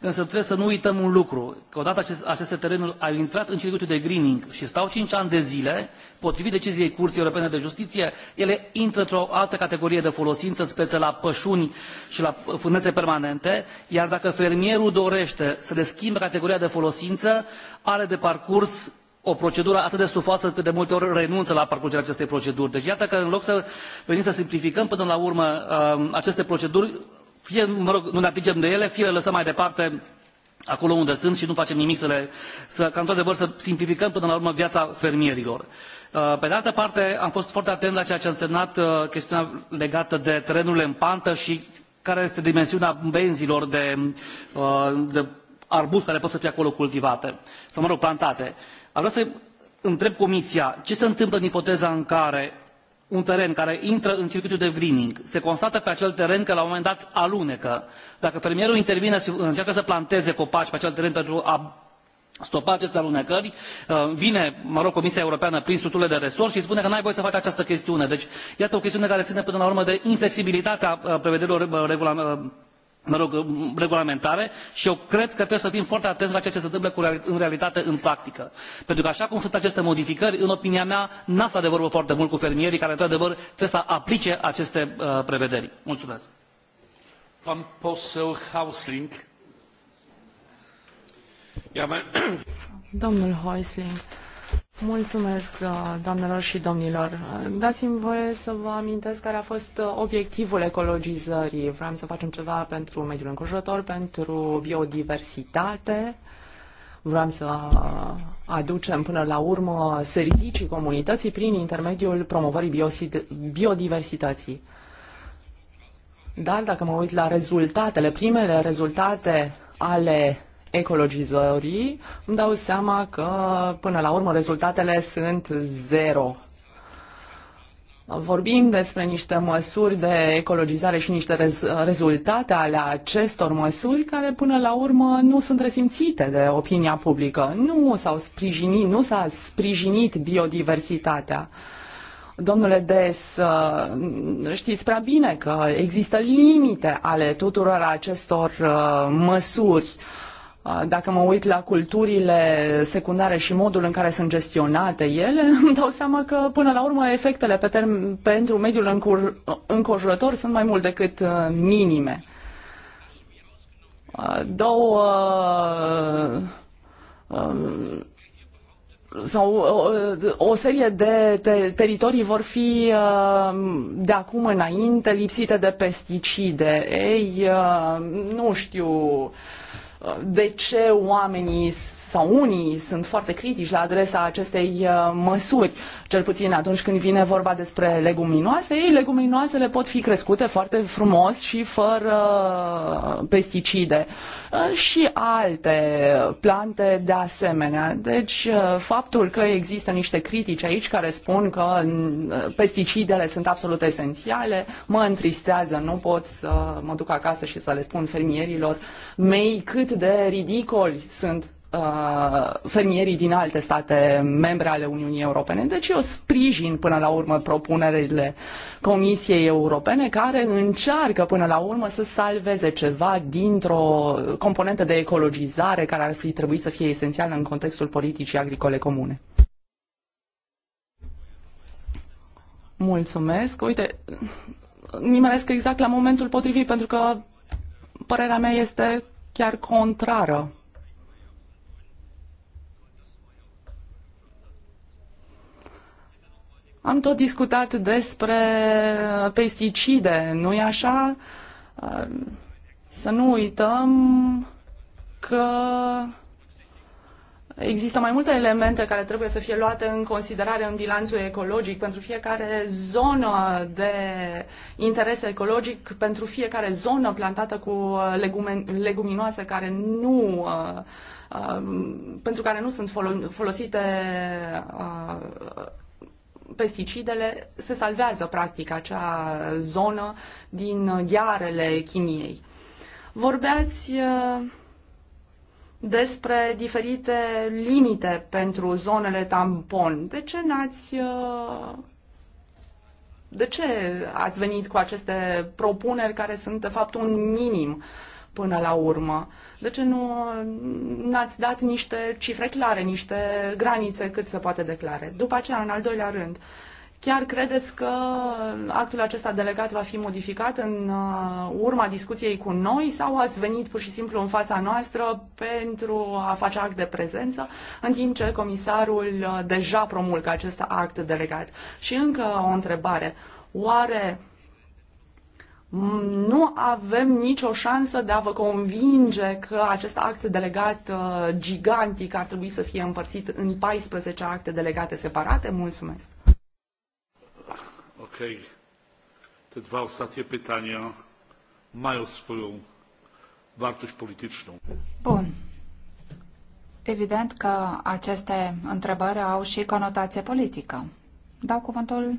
Însă trebuie să nu uităm un lucru, că odată acest, aceste terenuri au intrat în circuitul de greening și stau 5 ani de zile, potrivit deciziei Curții Europene de Justiție, ele intră într-o altă categorie de folosință, în speță la pășuni și la fânețe permanente, iar dacă fermierul dorește să le schimbe categoria de folosință, are de parcurs o procedură atât de stufoasă cât de multe ori renunță la parcurgerea acestei proceduri. Deci iată că în loc să venim să simplificăm până la urmă um, aceste proceduri, fie mă rog, nu ne atingem de ele fie le lăsăm mai departe acolo unde sunt și nu facem nimic să le să, ca într adevăr să simplificăm până la urmă viața fermierilor. Uh, pe de altă parte, am fost foarte atent la ceea ce a însemnat uh, chestiunea legată de terenurile în pantă și care este dimensiunea benzilor de, uh, de arbust care pot să fie acolo cultivate sau, mă rog, plantate. Aș vrea să întreb Comisia ce se întâmplă în ipoteza în care un teren care intră în circuitul de greening se constată pe acel teren că la un moment dat alunecă dacă fermierul intervine și încearcă să planteze copaci pe acel teren pentru a stopa aceste alunecări uh, vine mă rog comisia europeană prin structurile de resort și spune că nu ai voie să faci această chestiune. deci iată o chestiune care ține până la urmă de inflexibilitatea uh, prevederilor uh, regulamentelor mă rog, regulamentare și eu cred că trebuie să fim foarte atenți la ceea ce se întâmplă în realitate, în practică. Pentru că așa cum sunt aceste modificări, în opinia mea, n-a stat de vorbă foarte mult cu fermierii care, într-adevăr, trebuie să aplice aceste uh, prevederi. Mulțumesc. Pan posel Hausling. Domnul Häusling, Mulțumesc, uh, doamnelor și domnilor. Dați-mi voie să vă amintesc care a fost uh, obiectivul ecologizării. Vreau să facem ceva pentru mediul înconjurător, pentru biodiversitate. Vreau să uh, aducem până la urmă servicii comunității prin intermediul promovării biodiversității. Dar dacă mă uit la rezultatele, primele rezultate ale ecologizării, îmi dau seama că, până la urmă, rezultatele sunt zero. Vorbim despre niște măsuri de ecologizare și niște rez rezultate ale acestor măsuri care până la urmă nu sunt resimțite de opinia publică. Nu s-au sprijinit, nu s-a sprijinit biodiversitatea. Domnule Des, uh, știți prea bine că există limite ale tuturor acestor uh, măsuri. Dacă mă uit la culturile secundare și modul în care sunt gestionate ele, îmi dau seama că, până la urmă, efectele pe term- pentru mediul înconjurător sunt mai mult decât uh, minime. Două uh, um, sau o, o serie de te, teritorii vor fi uh, de acum înainte lipsite de pesticide. Ei, nu știu, de ce oamenii sau unii sunt foarte critici la adresa acestei uh, măsuri, cel puțin atunci când vine vorba despre leguminoase. Ei, leguminoasele pot fi crescute foarte frumos și fără uh, pesticide uh, și alte plante de asemenea. Deci, faptul că există niște critici aici care spun că pesticidele sunt absolut esențiale, mă întristează, nu pot să mă duc acasă și să le spun fermierilor mei cât de ridicoli sunt Uh, fermierii din alte state membre ale Uniunii Europene. Deci eu sprijin până la urmă propunerile Comisiei Europene care încearcă până la urmă să salveze ceva dintr-o componentă de ecologizare care ar fi trebuit să fie esențială în contextul politicii agricole comune. Mulțumesc. Uite, nimeresc exact la momentul potrivit pentru că părerea mea este chiar contrară Am tot discutat despre pesticide, nu-i așa? Să nu uităm că există mai multe elemente care trebuie să fie luate în considerare în bilanțul ecologic pentru fiecare zonă de interes ecologic, pentru fiecare zonă plantată cu legume, leguminoase care nu uh, uh, pentru care nu sunt folosite uh, pesticidele, se salvează practic acea zonă din ghearele chimiei. Vorbeați uh, despre diferite limite pentru zonele tampon. De ce n-ați uh, de ce ați venit cu aceste propuneri care sunt de fapt un minim? Uh, până la urmă? De deci ce nu n-ați dat niște cifre clare, niște granițe cât se poate declare? După aceea, în al doilea rând, Chiar credeți că actul acesta delegat va fi modificat în uh, urma discuției cu noi sau ați venit pur și simplu în fața noastră pentru a face act de prezență, în timp ce comisarul uh, deja promulgă acest act delegat? Și încă o întrebare. Oare nu avem nicio șansă de a vă convinge că acest act delegat uh, gigantic ar trebui să fie împărțit în 14 acte delegate separate? Mulțumesc! Ok. Te dva ostatnie pytania mają swoją wartość polityczną. Bun. Evident că aceste întrebări au și conotație politică. Dau cuvântul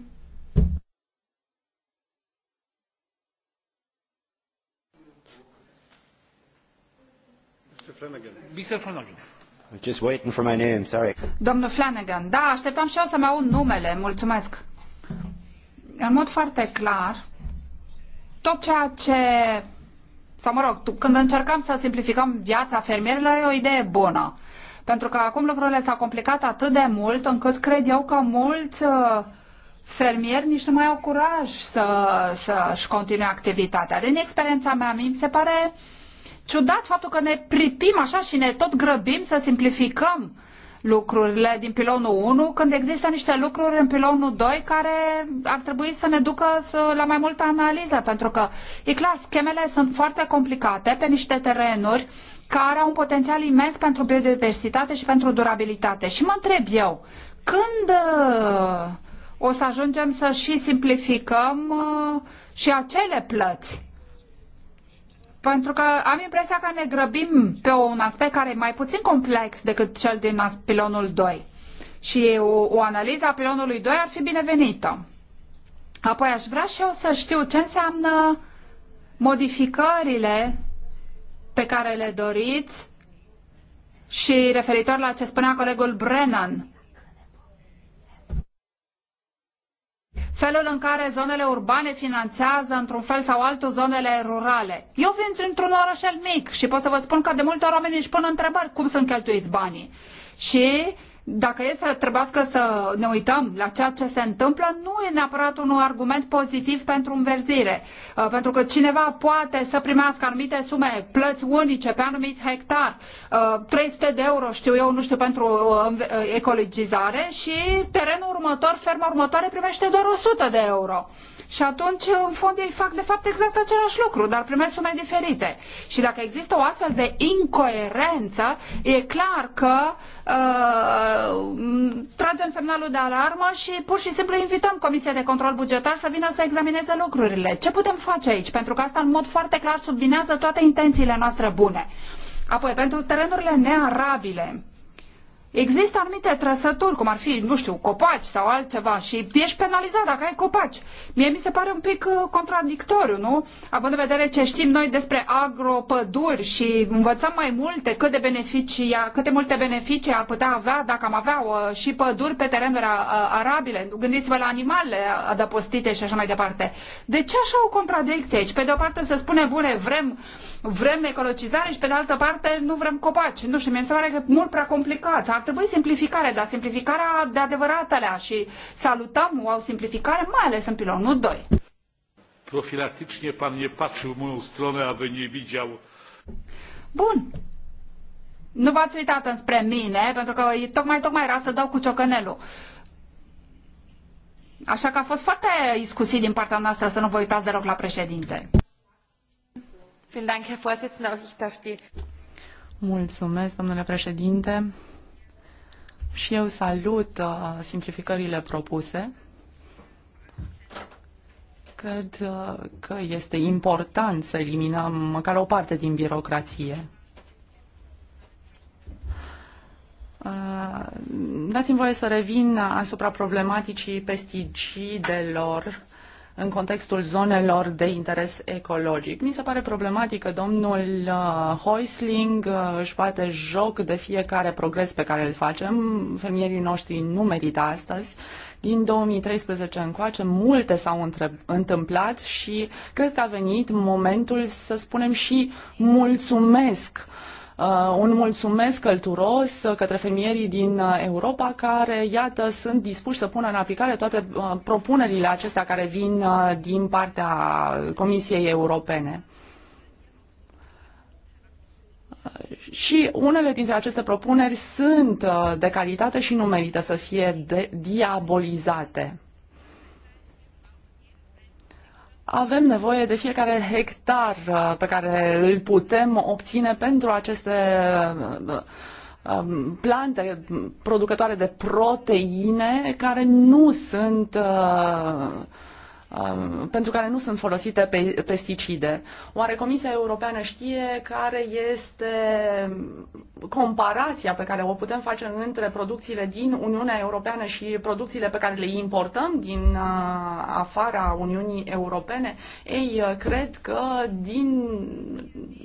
Flanagan. just waiting for my name, sorry. Domnul Flanagan, da, așteptam și eu să-mi aud numele, mulțumesc. În mod foarte clar, tot ceea ce sau mă rog, când încercăm să simplificăm viața fermierilor, e o idee bună. Pentru că acum lucrurile s-au complicat atât de mult încât cred eu că mulți uh, fermieri nici nu mai au curaj să, să-și continue activitatea. Din experiența mea, mi se pare uh, ciudat faptul că ne pripim așa și ne tot grăbim să simplificăm lucrurile din pilonul 1, când există niște lucruri în pilonul 2 care ar trebui să ne ducă la mai multă analiză, pentru că, e clar, schemele sunt foarte complicate pe niște terenuri care au un potențial imens pentru biodiversitate și pentru durabilitate. Și mă întreb eu, când uh, o să ajungem să și simplificăm uh, și acele plăți? pentru că am impresia că ne grăbim pe un aspect care e mai puțin complex decât cel din pilonul 2. Și o, o analiză a pilonului 2 ar fi binevenită. Apoi aș vrea și eu să știu ce înseamnă modificările pe care le doriți și referitor la ce spunea colegul Brennan felul în care zonele urbane finanțează într-un fel sau altul zonele rurale. Eu vin într-un orășel mic și pot să vă spun că de multe ori oamenii își pun întrebări cum sunt cheltuiți banii. Și dacă e să trebuiască să ne uităm la ceea ce se întâmplă, nu e neapărat un argument pozitiv pentru înverzire. Uh, pentru că cineva poate să primească anumite sume, plăți unice pe anumit hectar, 300 uh, de euro, știu eu, nu știu, pentru uh, ecologizare și terenul următor, ferma următoare primește doar 100 de euro și atunci, în fond, ei fac de fapt exact același lucru, dar primesc sume diferite. Și dacă există o astfel de incoerență, e clar că uh, tragem semnalul de alarmă și pur și simplu invităm Comisia de Control Bugetar să vină să examineze lucrurile. Ce putem face aici? Pentru că asta, în mod foarte clar, sublinează toate intențiile noastre bune. Apoi, pentru terenurile nearabile, Există anumite trăsături, cum ar fi, nu știu, copaci sau altceva și ești penalizat dacă ai copaci. Mie mi se pare un pic uh, contradictoriu, nu? Având în vedere ce știm noi despre agropăduri și învățăm mai multe cât de beneficii, câte multe beneficii ar putea avea dacă am avea uh, și păduri pe terenuri uh, arabile. Gândiți-vă la animale adăpostite și așa mai departe. De ce așa o contradicție aici? Pe de o parte se spune, bune, vrem, vrem ecologizare și pe de altă parte nu vrem copaci. Nu știu, mi se pare că e mult prea complicat ar trebui simplificare, dar simplificarea de lea și salutăm o simplificare, mai ales în pilonul 2. Profilacticznie pan nie patrzył moją stronę, aby nie widział. Bun. Nu v-ați uitat înspre mine, pentru că tocmai, tocmai era să dau cu ciocănelul. Așa că a fost foarte iscusit din partea noastră să nu vă uitați deloc la președinte. Mulțumesc, domnule președinte și eu salut uh, simplificările propuse. Cred uh, că este important să eliminăm măcar o parte din birocrație. Uh, dați-mi voie să revin asupra problematicii pesticidelor în contextul zonelor de interes ecologic. Mi se pare problematic că domnul Heusling uh, uh, își bate joc de fiecare progres pe care îl facem. Fermierii noștri nu merită astăzi. Din 2013 încoace multe s-au întâmplat și cred că a venit momentul să spunem și mulțumesc Uh, un mulțumesc călturos către fermierii din uh, Europa care, iată, sunt dispuși să pună în aplicare toate uh, propunerile acestea care vin din partea Comisiei Europene. Și unele dintre aceste propuneri sunt de calitate și nu merită să fie diabolizate avem nevoie de fiecare hectar uh, pe care îl putem obține pentru aceste uh, um, plante producătoare de proteine care nu sunt uh, Um, pentru care nu sunt folosite pe, pesticide. Oare Comisia Europeană știe care este comparația pe care o putem face între producțiile din Uniunea Europeană și producțiile pe care le importăm din uh, afara Uniunii Europene? Ei, uh, cred că din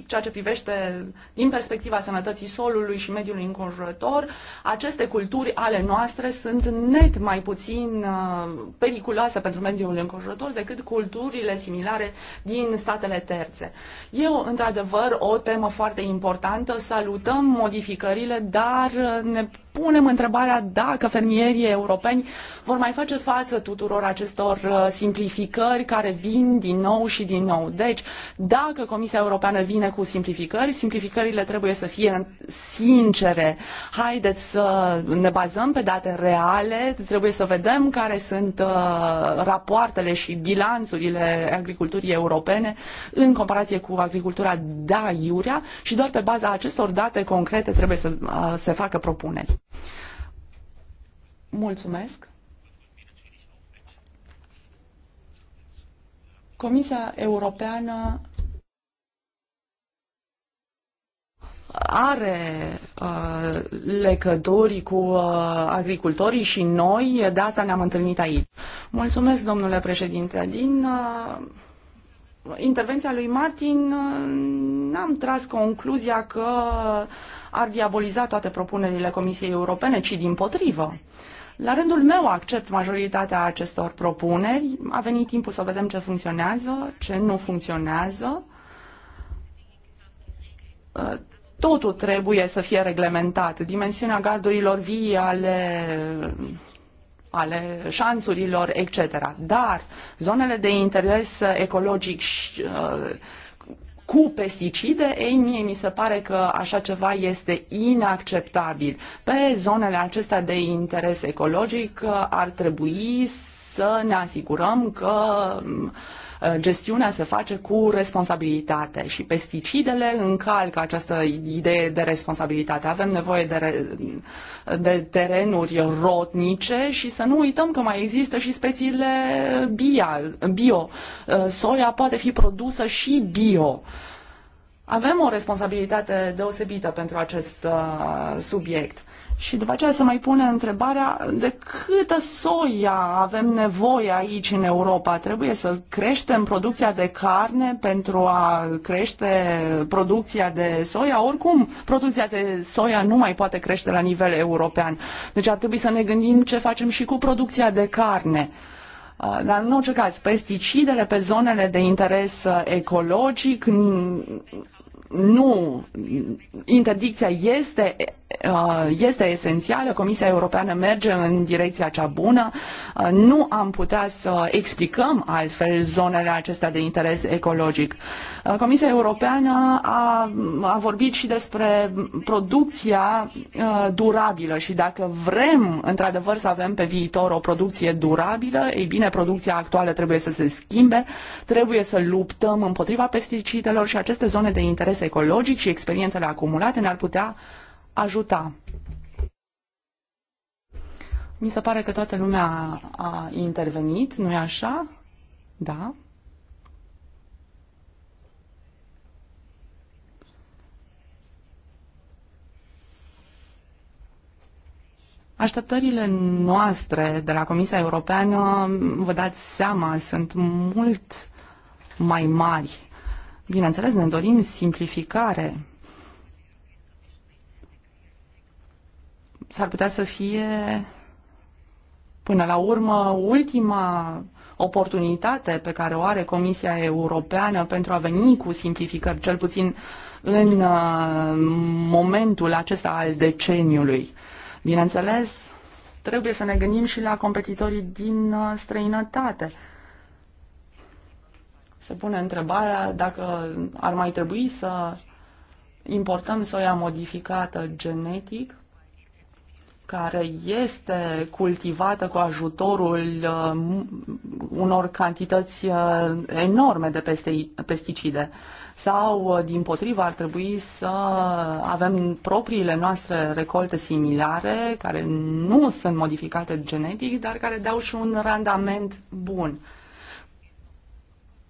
ceea ce privește din perspectiva sănătății solului și mediului înconjurător, aceste culturi ale noastre sunt net mai puțin uh, periculoase pentru mediul înconjurător decât culturile similare din statele terțe. Eu, într-adevăr, o temă foarte importantă, salutăm modificările, dar uh, ne punem întrebarea dacă fermierii europeni vor mai face față tuturor acestor uh, simplificări care vin din nou și din nou. Deci, dacă Comisia Europeană vine cu simplificări. Simplificările trebuie să fie sincere. Haideți să ne bazăm pe date reale, trebuie să vedem care sunt uh, rapoartele și bilanțurile agriculturii europene în comparație cu agricultura da iurea și doar pe baza acestor date concrete trebuie să uh, se facă propuneri. Mulțumesc. Comisia Europeană are uh, legături cu uh, agricultorii și noi, de asta ne-am întâlnit aici. Mulțumesc, domnule președinte. Din uh, intervenția lui Martin uh, n-am tras concluzia că ar diaboliza toate propunerile Comisiei Europene, ci din potrivă. La rândul meu accept majoritatea acestor propuneri. A venit timpul să vedem ce funcționează, ce nu funcționează. Uh, totul trebuie să fie reglementat. Dimensiunea gardurilor vii ale ale șansurilor, etc. Dar zonele de interes ecologic și, uh, cu pesticide, ei mie mi se pare că așa ceva este inacceptabil. Pe zonele acestea de interes ecologic uh, ar trebui să ne asigurăm că uh, Uh, gestiunea se face cu responsabilitate și pesticidele încalcă această idee de responsabilitate. Avem nevoie de, re, de terenuri rotnice și să nu uităm că mai există și speciile bio. Uh, soia poate fi produsă și bio. Avem o responsabilitate deosebită pentru acest uh, subiect. Și după aceea se mai pune întrebarea de câtă soia avem nevoie aici în Europa. Trebuie să creștem producția de carne pentru a crește producția de soia. Oricum, producția de soia nu mai poate crește la nivel european. Deci ar trebui să ne gândim ce facem și cu producția de carne. Dar în orice caz, pesticidele pe zonele de interes uh, ecologic nu, interdicția este Uh, este esențială, Comisia Europeană merge în direcția cea bună, uh, nu am putea să explicăm altfel zonele acestea de interes ecologic. Uh, Comisia Europeană a, a vorbit și despre producția durabilă și dacă vrem într-adevăr să avem pe viitor o producție durabilă, ei bine, producția actuală trebuie să se schimbe, trebuie să luptăm împotriva pesticidelor și aceste zone de interes ecologic și experiențele acumulate ne-ar putea ajuta. Mi se pare că toată lumea a intervenit, nu-i așa? Da. Așteptările noastre de la Comisia Europeană, vă dați seama, sunt mult mai mari. Bineînțeles, ne dorim simplificare s-ar putea să fie până la urmă ultima oportunitate pe care o are Comisia Europeană pentru a veni cu simplificări, cel puțin în uh, momentul acesta al deceniului. Bineînțeles, trebuie să ne gândim și la competitorii din uh, străinătate. Se pune întrebarea dacă ar mai trebui să importăm soia modificată genetic care este cultivată cu ajutorul uh, unor cantități uh, enorme de pesticide. Sau, uh, din potrivă, ar trebui să avem propriile noastre recolte similare, care nu sunt modificate genetic, dar care dau și un randament bun.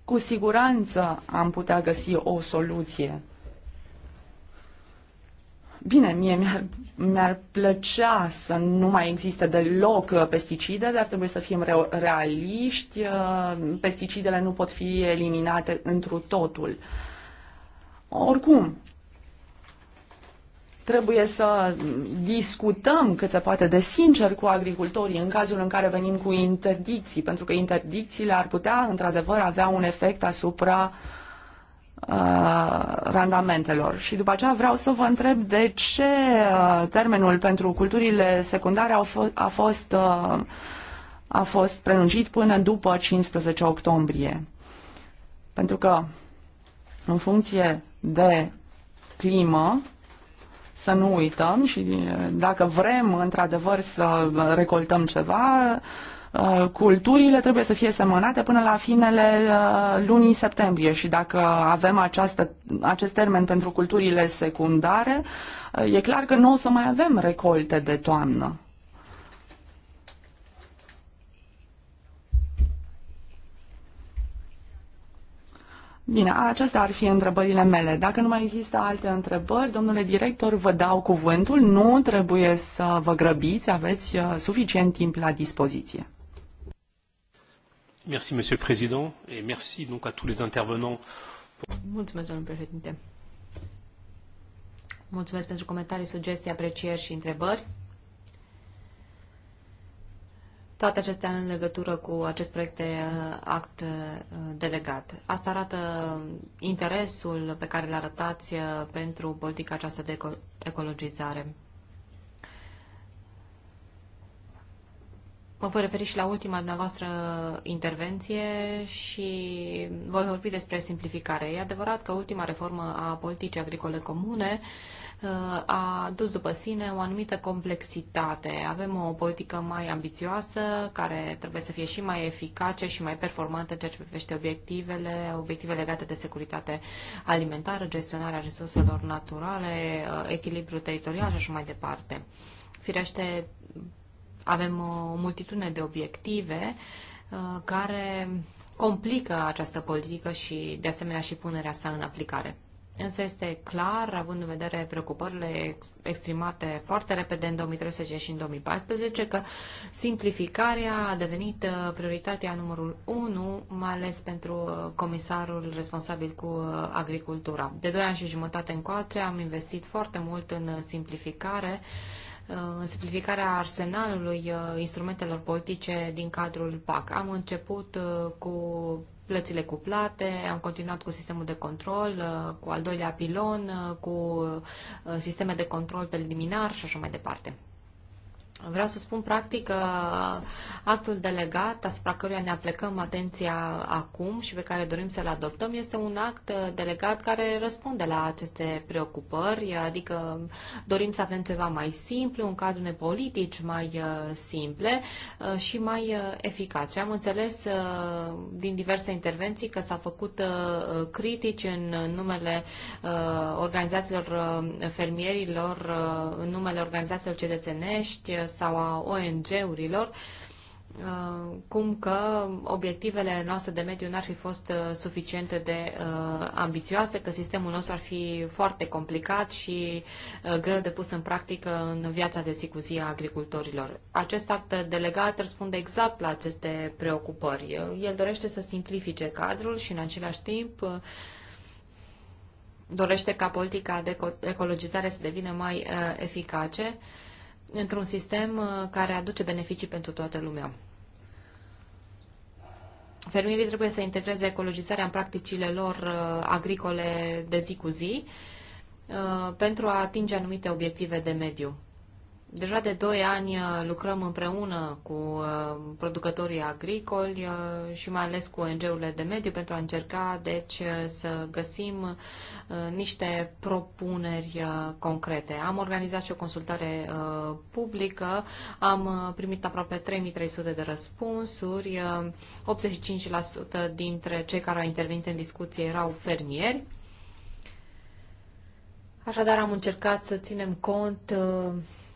Cu siguranță am putea găsi o soluție Bine, mie mi-ar, mi-ar plăcea să nu mai existe deloc uh, pesticide, dar trebuie să fim realiști. Uh, pesticidele nu pot fi eliminate întru totul. Oricum, trebuie să discutăm cât se poate de sincer cu agricultorii în cazul în care venim cu interdicții, pentru că interdicțiile ar putea, într-adevăr, avea un efect asupra uh, Uh, randamentelor. Și după aceea vreau să vă întreb de ce uh, termenul pentru culturile secundare a fost, a uh, fost, a fost prelungit până după 15 octombrie. Pentru că în funcție de climă, să nu uităm și dacă vrem într-adevăr să recoltăm ceva, Uh, culturile trebuie să fie semănate până la finele uh, lunii septembrie și dacă avem această, acest termen pentru culturile secundare, uh, e clar că nu o să mai avem recolte de toamnă. Bine, acestea ar fi întrebările mele. Dacă nu mai există alte întrebări, domnule director, vă dau cuvântul. Nu trebuie să vă grăbiți, aveți suficient timp la dispoziție. Merci, Monsieur le Président, et merci donc à tous les intervenants. Mulțumesc, domnule președinte. Mulțumesc pentru comentarii, sugestii, aprecieri și întrebări. Toate acestea în legătură cu acest proiect de uh, act uh, delegat. Asta arată interesul pe care l arătați uh, pentru politica aceasta de ecologizare. Mă voi referi și la ultima dumneavoastră intervenție și voi vorbi despre simplificare. E adevărat că ultima reformă a politicii agricole comune uh, a dus după sine o anumită complexitate. Avem o politică mai ambițioasă, care trebuie să fie și mai eficace și mai performantă în ceea ce privește obiectivele, obiective legate de securitate alimentară, gestionarea resurselor naturale, uh, echilibru teritorial și așa mai departe. Firește, avem o multitudine de obiective uh, care complică această politică și, de asemenea, și punerea sa în aplicare. Însă este clar, având în vedere preocupările exprimate foarte repede în 2013 și în 2014, că simplificarea a devenit uh, prioritatea numărul 1, mai ales pentru uh, comisarul responsabil cu agricultura. De 2 ani și jumătate încoace am investit foarte mult în simplificare Uh, în simplificarea arsenalului uh, instrumentelor politice din cadrul PAC. Am început uh, cu plățile cuplate, am continuat cu sistemul de control, cu al doilea pilon, cu sisteme de control preliminar și așa mai departe. Vreau să spun, practic, că actul delegat asupra căruia ne aplecăm atenția acum și pe care dorim să-l adoptăm este un act delegat care răspunde la aceste preocupări, adică dorim să avem ceva mai simplu, un cadru nepolitic politici mai uh, simple uh, și mai uh, eficace. Am înțeles din diverse intervenții că s-a făcut critici în numele organizațiilor fermierilor, în numele organizațiilor cetățenești, sau a ONG-urilor, uh, cum că obiectivele noastre de mediu n-ar fi fost uh, suficiente de uh, ambițioase, că sistemul nostru ar fi foarte complicat și greu de pus în practică în viața de zi cu zi a agricultorilor. Acest act delegat răspunde exact la aceste preocupări. El dorește să simplifice cadrul și în același timp dorește ca politica de ecologizare să devină mai eficace într-un sistem uh, care aduce beneficii pentru toată lumea. Fermierii trebuie să integreze ecologizarea în practicile lor uh, agricole de zi cu zi uh, pentru a atinge anumite obiective de mediu. Deja de 2 ani uh, lucrăm împreună cu uh, producătorii agricoli uh, și mai ales cu ONG-urile de mediu pentru a încerca deci să găsim niște propuneri concrete. Am organizat și o consultare publică, am primit aproape 3300 de răspunsuri, 85% dintre cei care au intervenit în discuție erau fermieri. Așadar am încercat să ținem cont uh,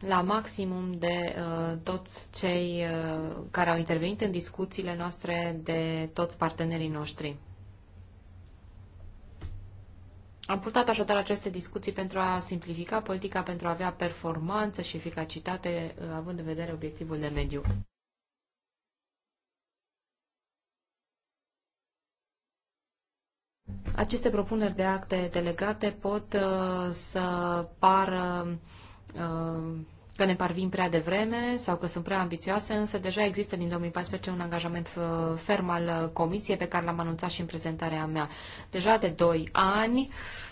la maximum de uh, toți cei uh, care au intervenit în discuțiile noastre, de toți partenerii noștri. Am purtat așadar aceste discuții pentru a simplifica politica, pentru a avea performanță și eficacitate, uh, având în vedere obiectivul de mediu. Aceste propuneri de acte delegate pot uh, să pară uh, Uh, că ne parvin prea devreme sau că sunt prea ambițioase, însă deja există din 2014 un angajament uh, ferm al uh, Comisiei pe care l-am anunțat și în prezentarea mea. Deja de 2 ani,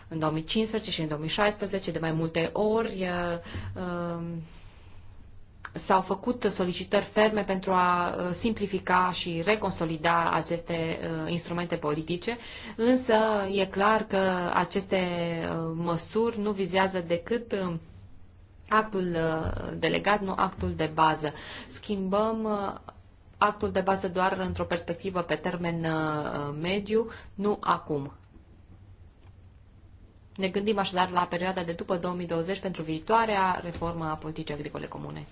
în 2015 și în 2016, de mai multe ori, s-au făcut solicitări ferme pentru a simplifica și reconsolida aceste instrumente politice, însă e clar că aceste măsuri nu vizează decât actul uh, delegat, nu actul de bază. Schimbăm uh, actul de bază doar într-o perspectivă pe termen uh, mediu, nu acum. Ne gândim așadar la perioada de după 2020 pentru viitoarea reformă a politicii agricole comune.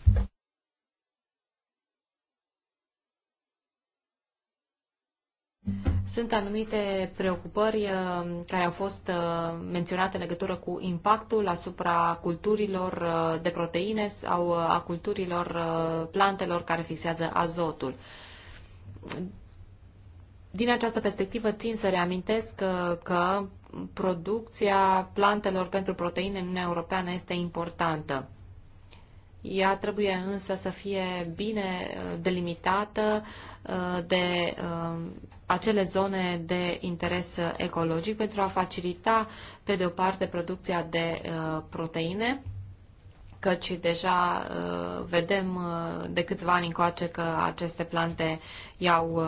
Sunt anumite preocupări uh, care au fost uh, menționate în legătură cu impactul asupra culturilor uh, de proteine sau a culturilor plantelor care fixează azotul. Din această perspectivă, țin să reamintesc că, că producția plantelor pentru proteine în Uniunea Europeană este importantă. Ea trebuie însă să fie bine uh, delimitată uh, de uh, acele zone de interes ecologic pentru a facilita, pe de o parte, producția de proteine, căci deja vedem de câțiva ani încoace că aceste plante iau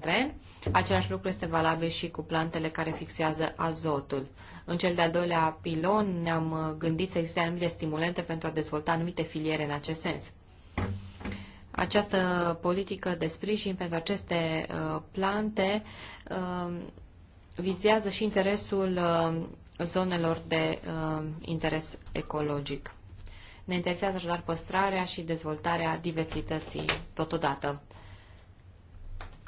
teren Același lucru este valabil și cu plantele care fixează azotul. În cel de-al doilea pilon ne-am gândit să existe anumite stimulente pentru a dezvolta anumite filiere în acest sens. Această politică de sprijin pentru aceste uh, plante uh, vizează și interesul uh, zonelor de uh, interes ecologic. Ne interesează așadar păstrarea și dezvoltarea diversității totodată.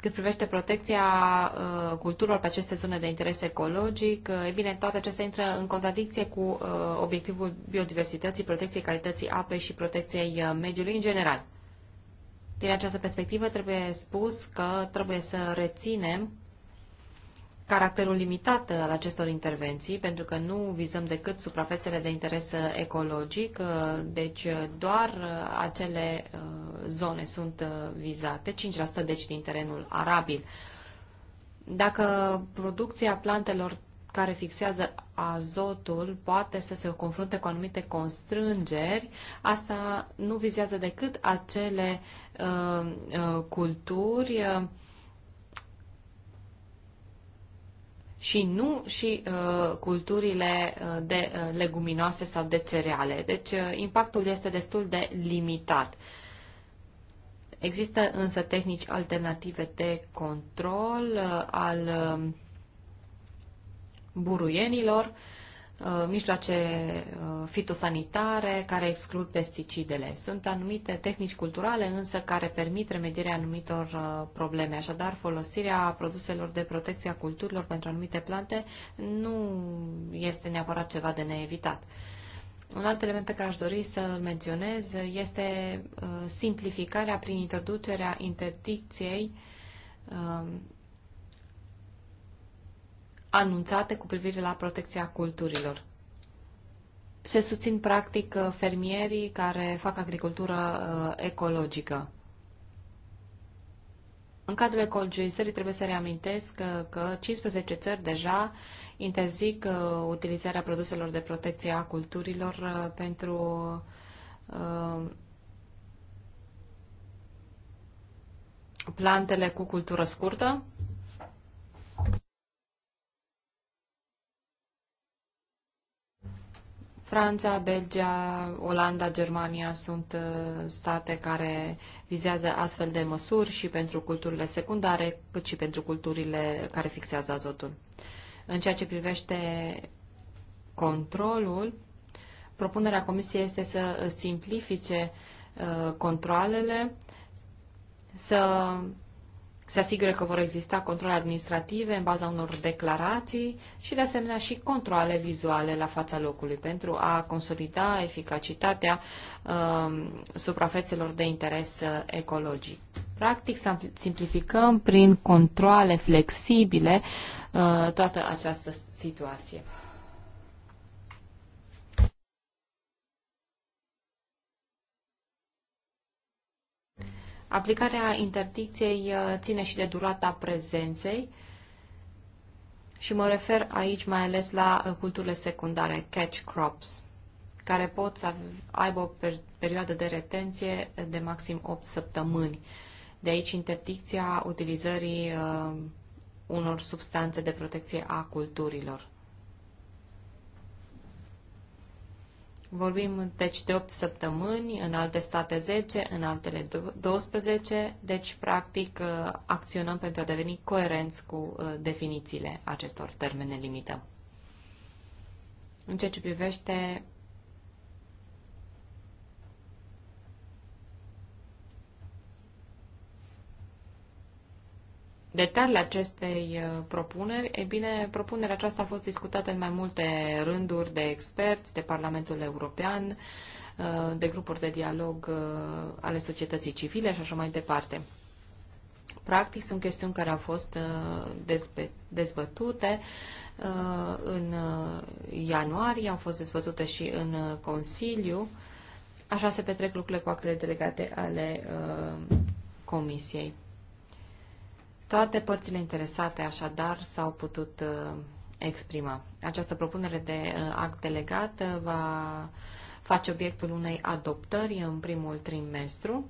Cât privește protecția uh, culturilor pe aceste zone de interes ecologic, uh, e bine, toate acestea intră în contradicție cu uh, obiectivul biodiversității, protecției calității apei și protecției uh, mediului în general. Din această perspectivă trebuie spus că trebuie să reținem caracterul limitat al acestor intervenții, pentru că nu vizăm decât suprafețele de interes ecologic, uh, deci uh, doar uh, acele zone sunt vizate, 5% deci din terenul arabil. Dacă producția plantelor care fixează azotul poate să se confrunte cu anumite constrângeri, asta nu vizează decât acele uh, uh, culturi uh, și nu și uh, culturile uh, de uh, leguminoase sau de cereale. Deci uh, impactul este destul de limitat. Există însă tehnici alternative de control uh, al uh, buruienilor uh, Uh, mijloace uh, fitosanitare care exclud pesticidele. Sunt anumite tehnici culturale însă care permit remedierea anumitor uh, probleme, așadar folosirea produselor de protecție a culturilor pentru anumite plante nu este neapărat ceva de neevitat. Un alt element pe care aș dori să-l menționez este simplificarea prin introducerea interdicției anunțate cu privire la protecția culturilor. Se susțin practic fermierii care fac agricultură uh, ecologică. În cadrul ecologizării trebuie să reamintesc uh, că, că 15 țări deja interzic uh, utilizarea produselor de protecție a culturilor pentru plantele cu cultură scurtă Franța, Belgia, Olanda, Germania sunt uh, state care vizează astfel de măsuri și pentru culturile secundare, cât și pentru culturile care fixează azotul. În ceea ce privește controlul, propunerea Comisiei este să simplifice uh, controlele, să se asigure că vor exista controle administrative în baza unor declarații și, de asemenea, și controle vizuale la fața locului pentru a consolida eficacitatea uh, suprafețelor de interes uh, ecologic. Practic, să simplificăm prin controle flexibile uh, toată această situație. Aplicarea interdicției uh, ține și de durata prezenței și mă refer aici mai ales la uh, culturile secundare, catch crops, care pot să aibă o perioadă de retenție de maxim 8 săptămâni. De aici interdicția utilizării uh, unor substanțe de protecție a culturilor. Vorbim deci de 8 săptămâni, în alte state 10, în altele 12, deci practic uh, acționăm pentru a deveni coerenți cu uh, definițiile acestor termene limită. În ceea ce privește detaliile acestei uh, propuneri, e bine, propunerea aceasta a fost discutată în mai multe rânduri de experți, de Parlamentul European, uh, de grupuri de dialog uh, ale societății civile și așa mai departe. Practic, sunt chestiuni care au fost dezbătute în ianuarie, au fost dezbătute și în Consiliu. Așa se petrec lucrurile cu actele delegate ale Comisiei. Toate părțile interesate, așadar, s-au putut uh, exprima. Această propunere de uh, act delegat uh, va face obiectul unei adoptări în primul trimestru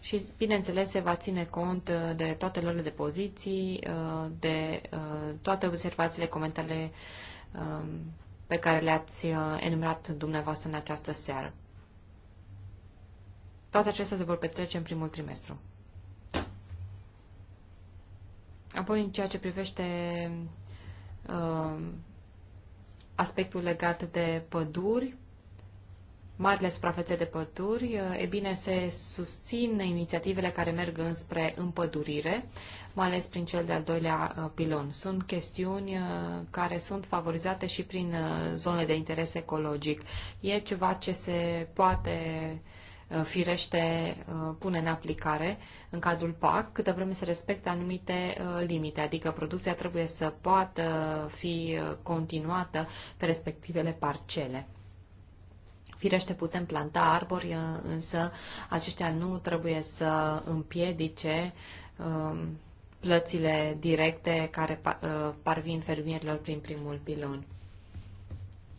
și, bineînțeles, se va ține cont de toate luările de poziții, de toate observațiile, comentariile um, pe care le-ați enumerat dumneavoastră în această seară. Toate acestea se vor petrece în primul trimestru. Apoi, în ceea ce privește uh, aspectul legat de păduri, marile suprafețe de păduri, uh, e bine, se susțin inițiativele care merg înspre împădurire, mai ales prin cel de-al doilea uh, pilon. Sunt chestiuni uh, care sunt favorizate și prin zonele de interes ecologic. E ceva ce se poate uh, Uh, firește uh, pune în aplicare în cadrul PAC, câtă vreme se respectă anumite uh, limite, adică producția trebuie să poată fi continuată pe respectivele parcele. Firește, putem planta arbori, însă aceștia nu trebuie să împiedice um, plățile directe care parvin fermierilor prin primul pilon.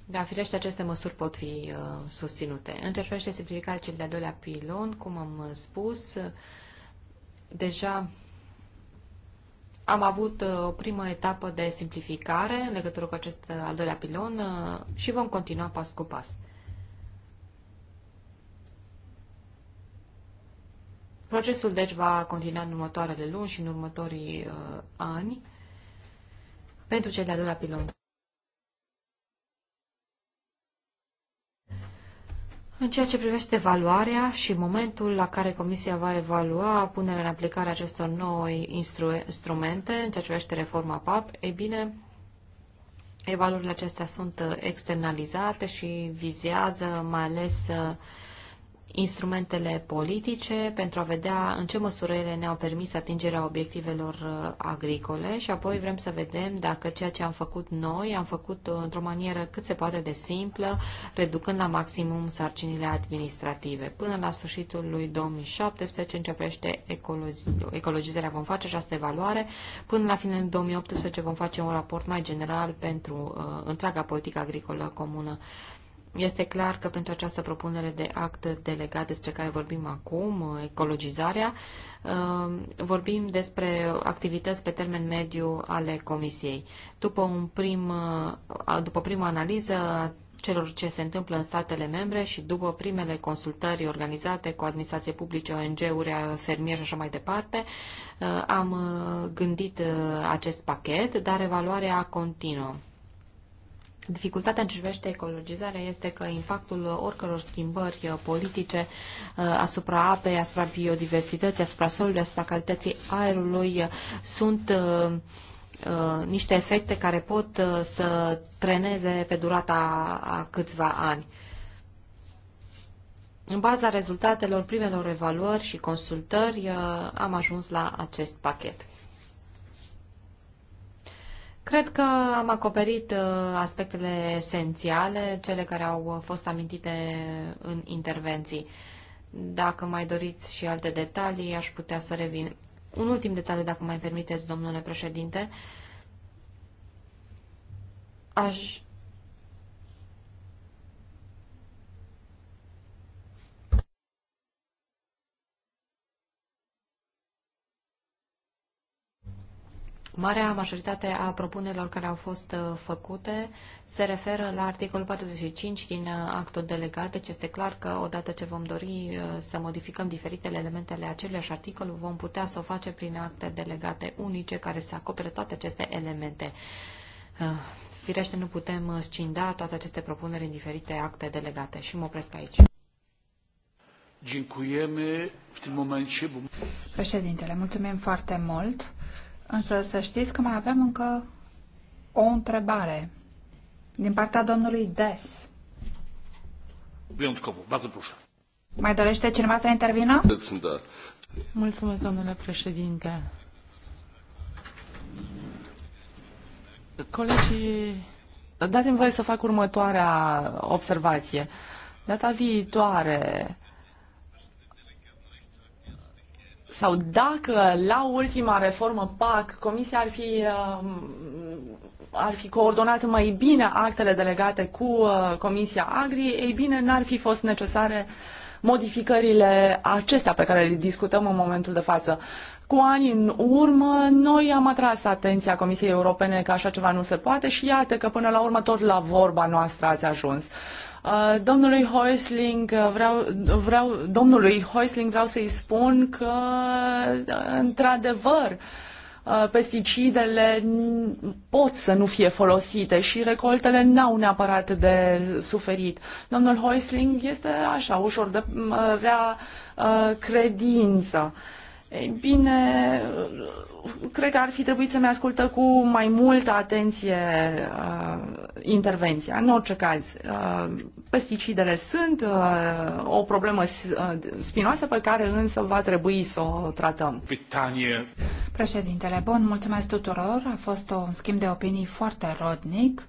Da, firește, aceste măsuri pot fi uh, susținute. În ce privește simplificarea cel de-al doilea pilon, cum am uh, spus, uh, deja am avut uh, o primă etapă de simplificare în legătură cu acest al doilea pilon și vom continua pas cu pas. Procesul, deci, va continua în următoarele luni și în următorii uh, ani pentru cel de-al doilea pilon. În ceea ce privește evaluarea și momentul la care Comisia va evalua punerea în aplicare acestor noi instru- instrumente, în ceea ce privește reforma PAP, e bine, evaluările acestea sunt uh, externalizate și vizează mai ales uh, instrumentele politice pentru a vedea în ce măsură ele ne-au permis atingerea obiectivelor uh, agricole și apoi vrem să vedem dacă ceea ce am făcut noi am făcut uh, într-o manieră cât se poate de simplă, reducând la maximum sarcinile administrative. Până la sfârșitul lui 2017 începește ecologizarea, vom face această evaluare. Până la finalul 2018 vom face un raport mai general pentru uh, întreaga politică agricolă comună. Uh, este clar că pentru această propunere de act delegat despre care vorbim acum, ecologizarea, uh, vorbim despre activități pe termen mediu ale Comisiei. După, un prim, uh, după prima analiză celor ce se întâmplă în statele membre și după primele consultări organizate cu administrație publice, ONG-uri, fermieri și așa mai departe, uh, am gândit acest pachet, dar evaluarea continuă. Dificultatea în ce privește ecologizarea este că impactul oricăror schimbări politice uh, asupra apei, asupra biodiversității, asupra solului, asupra calității aerului sunt uh, uh, niște efecte care pot să treneze pe durata a câțiva ani. În baza rezultatelor primelor evaluări și consultări am ajuns la acest pachet. Cred că am acoperit uh, aspectele esențiale, cele care au uh, fost amintite în intervenții. Dacă mai doriți și alte detalii, aș putea să revin. Un ultim detaliu, dacă mai permiteți, domnule președinte. Aș Marea majoritate a propunerilor care au fost uh, făcute se referă la articolul 45 din uh, actul delegat, deci este clar că odată ce vom dori uh, să modificăm diferitele elemente ale aceluiași articol, vom putea să o facem prin acte delegate unice care să acopere toate aceste elemente. Firește, nu putem scinda toate aceste propuneri în diferite acte delegate și mă opresc aici. Dziękujemy w tym momencie. Președintele, mulțumim foarte mult. Însă să știți că mai avem încă o întrebare din partea domnului Des. Mai dorește cineva să intervină? Mulțumesc, domnule președinte. Colegii, dați-mi voie să fac următoarea observație. Data viitoare, sau dacă la ultima reformă PAC Comisia ar fi, um, ar fi coordonat mai bine actele delegate cu uh, Comisia Agri, ei bine, n-ar fi fost necesare modificările acestea pe care le discutăm în momentul de față. Cu ani în urmă, noi am atras atenția Comisiei Europene că așa ceva nu se poate și iată că până la urmă tot la vorba noastră ați ajuns. Uh, domnului Hoisling uh, vreau, vreau, domnului Hoisling vreau să-i spun că, uh, într-adevăr, pesticidele pot să nu fie folosite și recoltele n-au neapărat de suferit. Domnul Hoisling este așa, ușor de rea credință. Uh, ei bine, cred că ar fi trebuit să-mi ascultă cu mai multă atenție uh, intervenția. În orice caz, uh, pesticidele sunt uh, o problemă uh, spinoasă pe care însă va trebui să o tratăm. Pitanie. Președintele, mulțumesc tuturor. A fost un schimb de opinii foarte rodnic.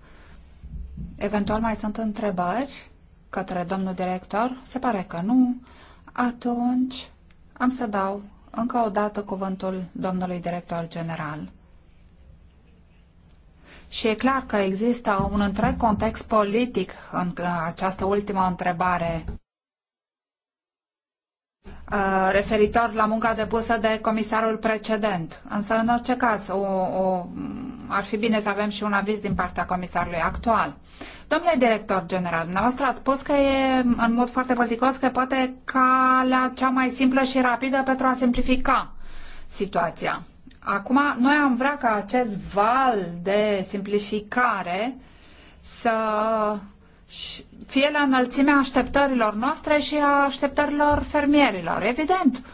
Eventual mai sunt întrebări către domnul director? Se pare că nu. Atunci am să dau încă o dată cuvântul domnului director general. Și e clar că există un întreg context politic în această ultimă întrebare. Uh, referitor la munca depusă de comisarul precedent. Însă, în orice caz, o, o, ar fi bine să avem și un aviz din partea comisarului actual. Domnule director general, dumneavoastră ați spus că e în mod foarte politicos că poate calea cea mai simplă și rapidă pentru a simplifica situația. Acum, noi am vrea ca acest val de simplificare să fie la înălțimea așteptărilor noastre și a așteptărilor fermierilor. Evident,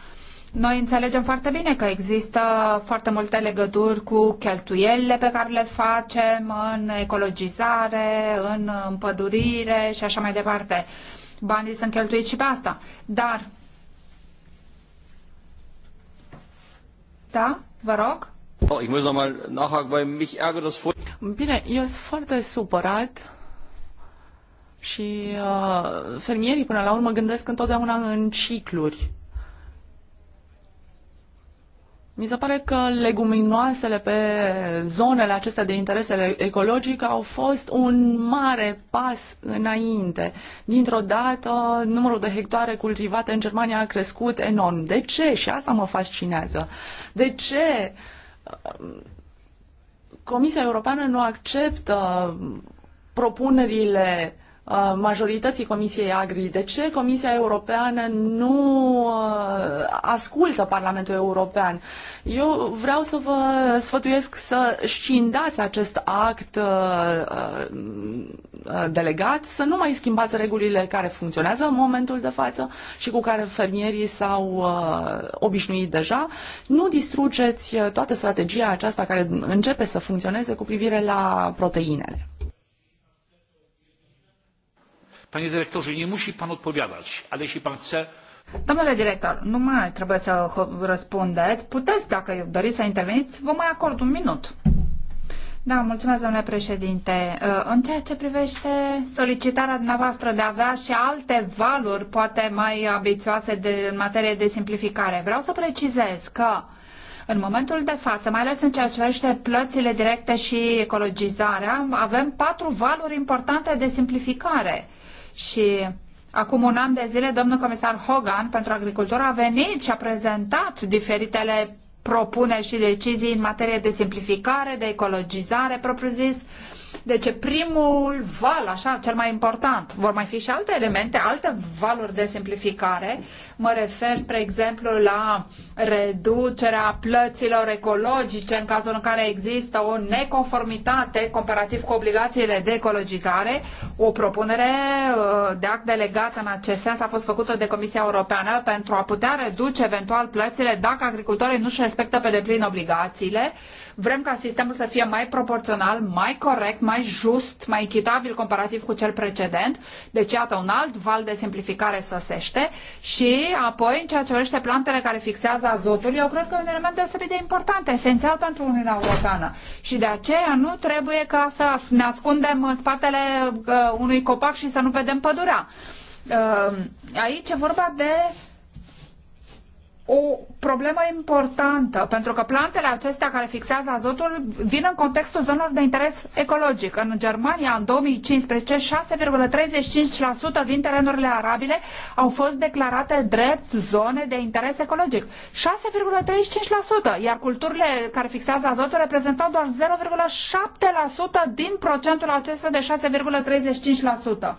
noi înțelegem foarte bine că există foarte multe legături cu cheltuielile pe care le facem în ecologizare, în împădurire și așa mai departe. Banii sunt cheltuiți și pe asta. Dar. Da? Vă rog? Oh, bine, eu sunt foarte supărat și uh, fermierii, până la urmă, gândesc întotdeauna în cicluri. Mi se pare că leguminoasele pe zonele acestea de interes ecologic au fost un mare pas înainte. Dintr-o dată, numărul de hectare cultivate în Germania a crescut enorm. De ce? Și asta mă fascinează. De ce uh, Comisia Europeană nu acceptă propunerile majorității Comisiei Agri. De ce Comisia Europeană nu ascultă Parlamentul European? Eu vreau să vă sfătuiesc să scindați acest act delegat, să nu mai schimbați regulile care funcționează în momentul de față și cu care fermierii s-au obișnuit deja. Nu distrugeți toată strategia aceasta care începe să funcționeze cu privire la proteinele. Panie dyrektorze, nie musi pan odpowiadać, ale jeśli pan chce... Domnule director, nu mai trebuie să răspundeți. Puteți, dacă doriți să interveniți, vă mai acord un minut. Da, mulțumesc, domnule președinte. Ă, în ceea ce privește solicitarea dumneavoastră de a avea și alte valuri, poate mai ambițioase de, în materie de simplificare, vreau să precizez că în momentul de față, mai ales în ceea ce privește plățile directe și ecologizarea, avem patru valuri importante de simplificare. Uh, și Acum un an de zile, domnul comisar Hogan pentru agricultură a venit și a prezentat diferitele propuneri și decizii în materie de simplificare, de ecologizare, propriu-zis. Deci primul val, așa, cel mai important, vor mai fi și alte elemente, alte valuri de simplificare, Mă refer, spre exemplu, la reducerea plăților ecologice în cazul în care există o neconformitate comparativ cu obligațiile de ecologizare. O propunere uh, de act delegat în acest sens a fost făcută de Comisia Europeană pentru a putea reduce eventual plățile dacă agricultorii nu-și respectă pe deplin obligațiile. Vrem ca sistemul să fie mai proporțional, mai corect, mai just, mai echitabil comparativ cu cel precedent. Deci, iată, un alt val de simplificare sosește și apoi, în ceea ce vrește plantele care fixează azotul, eu cred că e un element deosebit de important, esențial pentru Uniunea Europeană. Și de aceea nu trebuie ca să ne ascundem în spatele uh, unui copac și să nu vedem pădurea. Uh, aici e vorba de o problemă importantă, pentru că plantele acestea care fixează azotul vin în contextul zonelor de interes ecologic. În Germania, în 2015, 6,35% din terenurile arabile au fost declarate drept zone de interes ecologic. 6,35%, iar culturile care fixează azotul reprezentau doar 0,7% din procentul acesta de 6,35%.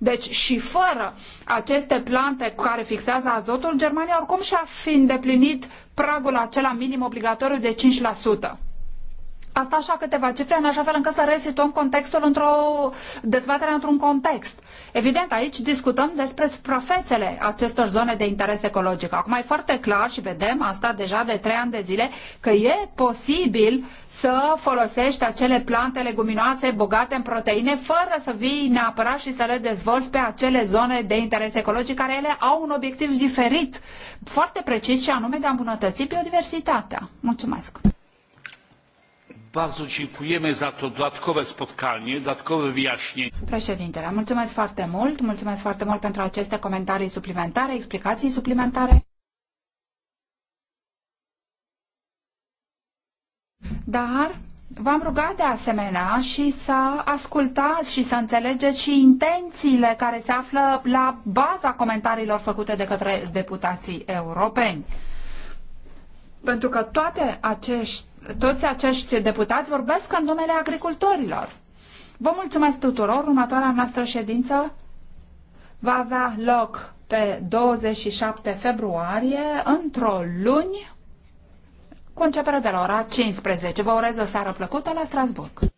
Deci și fără aceste plante care fixează azotul, Germania oricum și-a fi îndeplinit pragul acela minim obligatoriu de 5% asta așa câteva cifre, în așa fel încât să resituăm contextul într-o dezbatere într-un context. Evident, aici discutăm despre suprafețele acestor zone de interes ecologic. Acum e foarte clar și vedem asta deja de trei ani de zile, că e posibil să folosești acele plante leguminoase bogate în proteine, fără să vii neapărat și să le dezvolți pe acele zone de interes ecologic, care ele au un obiectiv diferit, foarte precis, și anume de a îmbunătăți biodiversitatea. Mulțumesc! Bardzo dziękujemy za to dodatkowe spotkanie, dodatkowe wyjaśnienie. Președintele, mulțumesc foarte mult, mulțumesc foarte mult pentru aceste comentarii suplimentare, explicații suplimentare. Dar v-am rugat de asemenea și să ascultați și să înțelegeți și intențiile care se află la baza comentariilor făcute de către deputații europeni. Pentru că toate acești toți acești deputați vorbesc în numele agricultorilor. Vă mulțumesc tuturor. Următoarea noastră ședință va avea loc pe 27 februarie, într-o luni, cu începere de la ora 15. Vă urez o seară plăcută la Strasburg.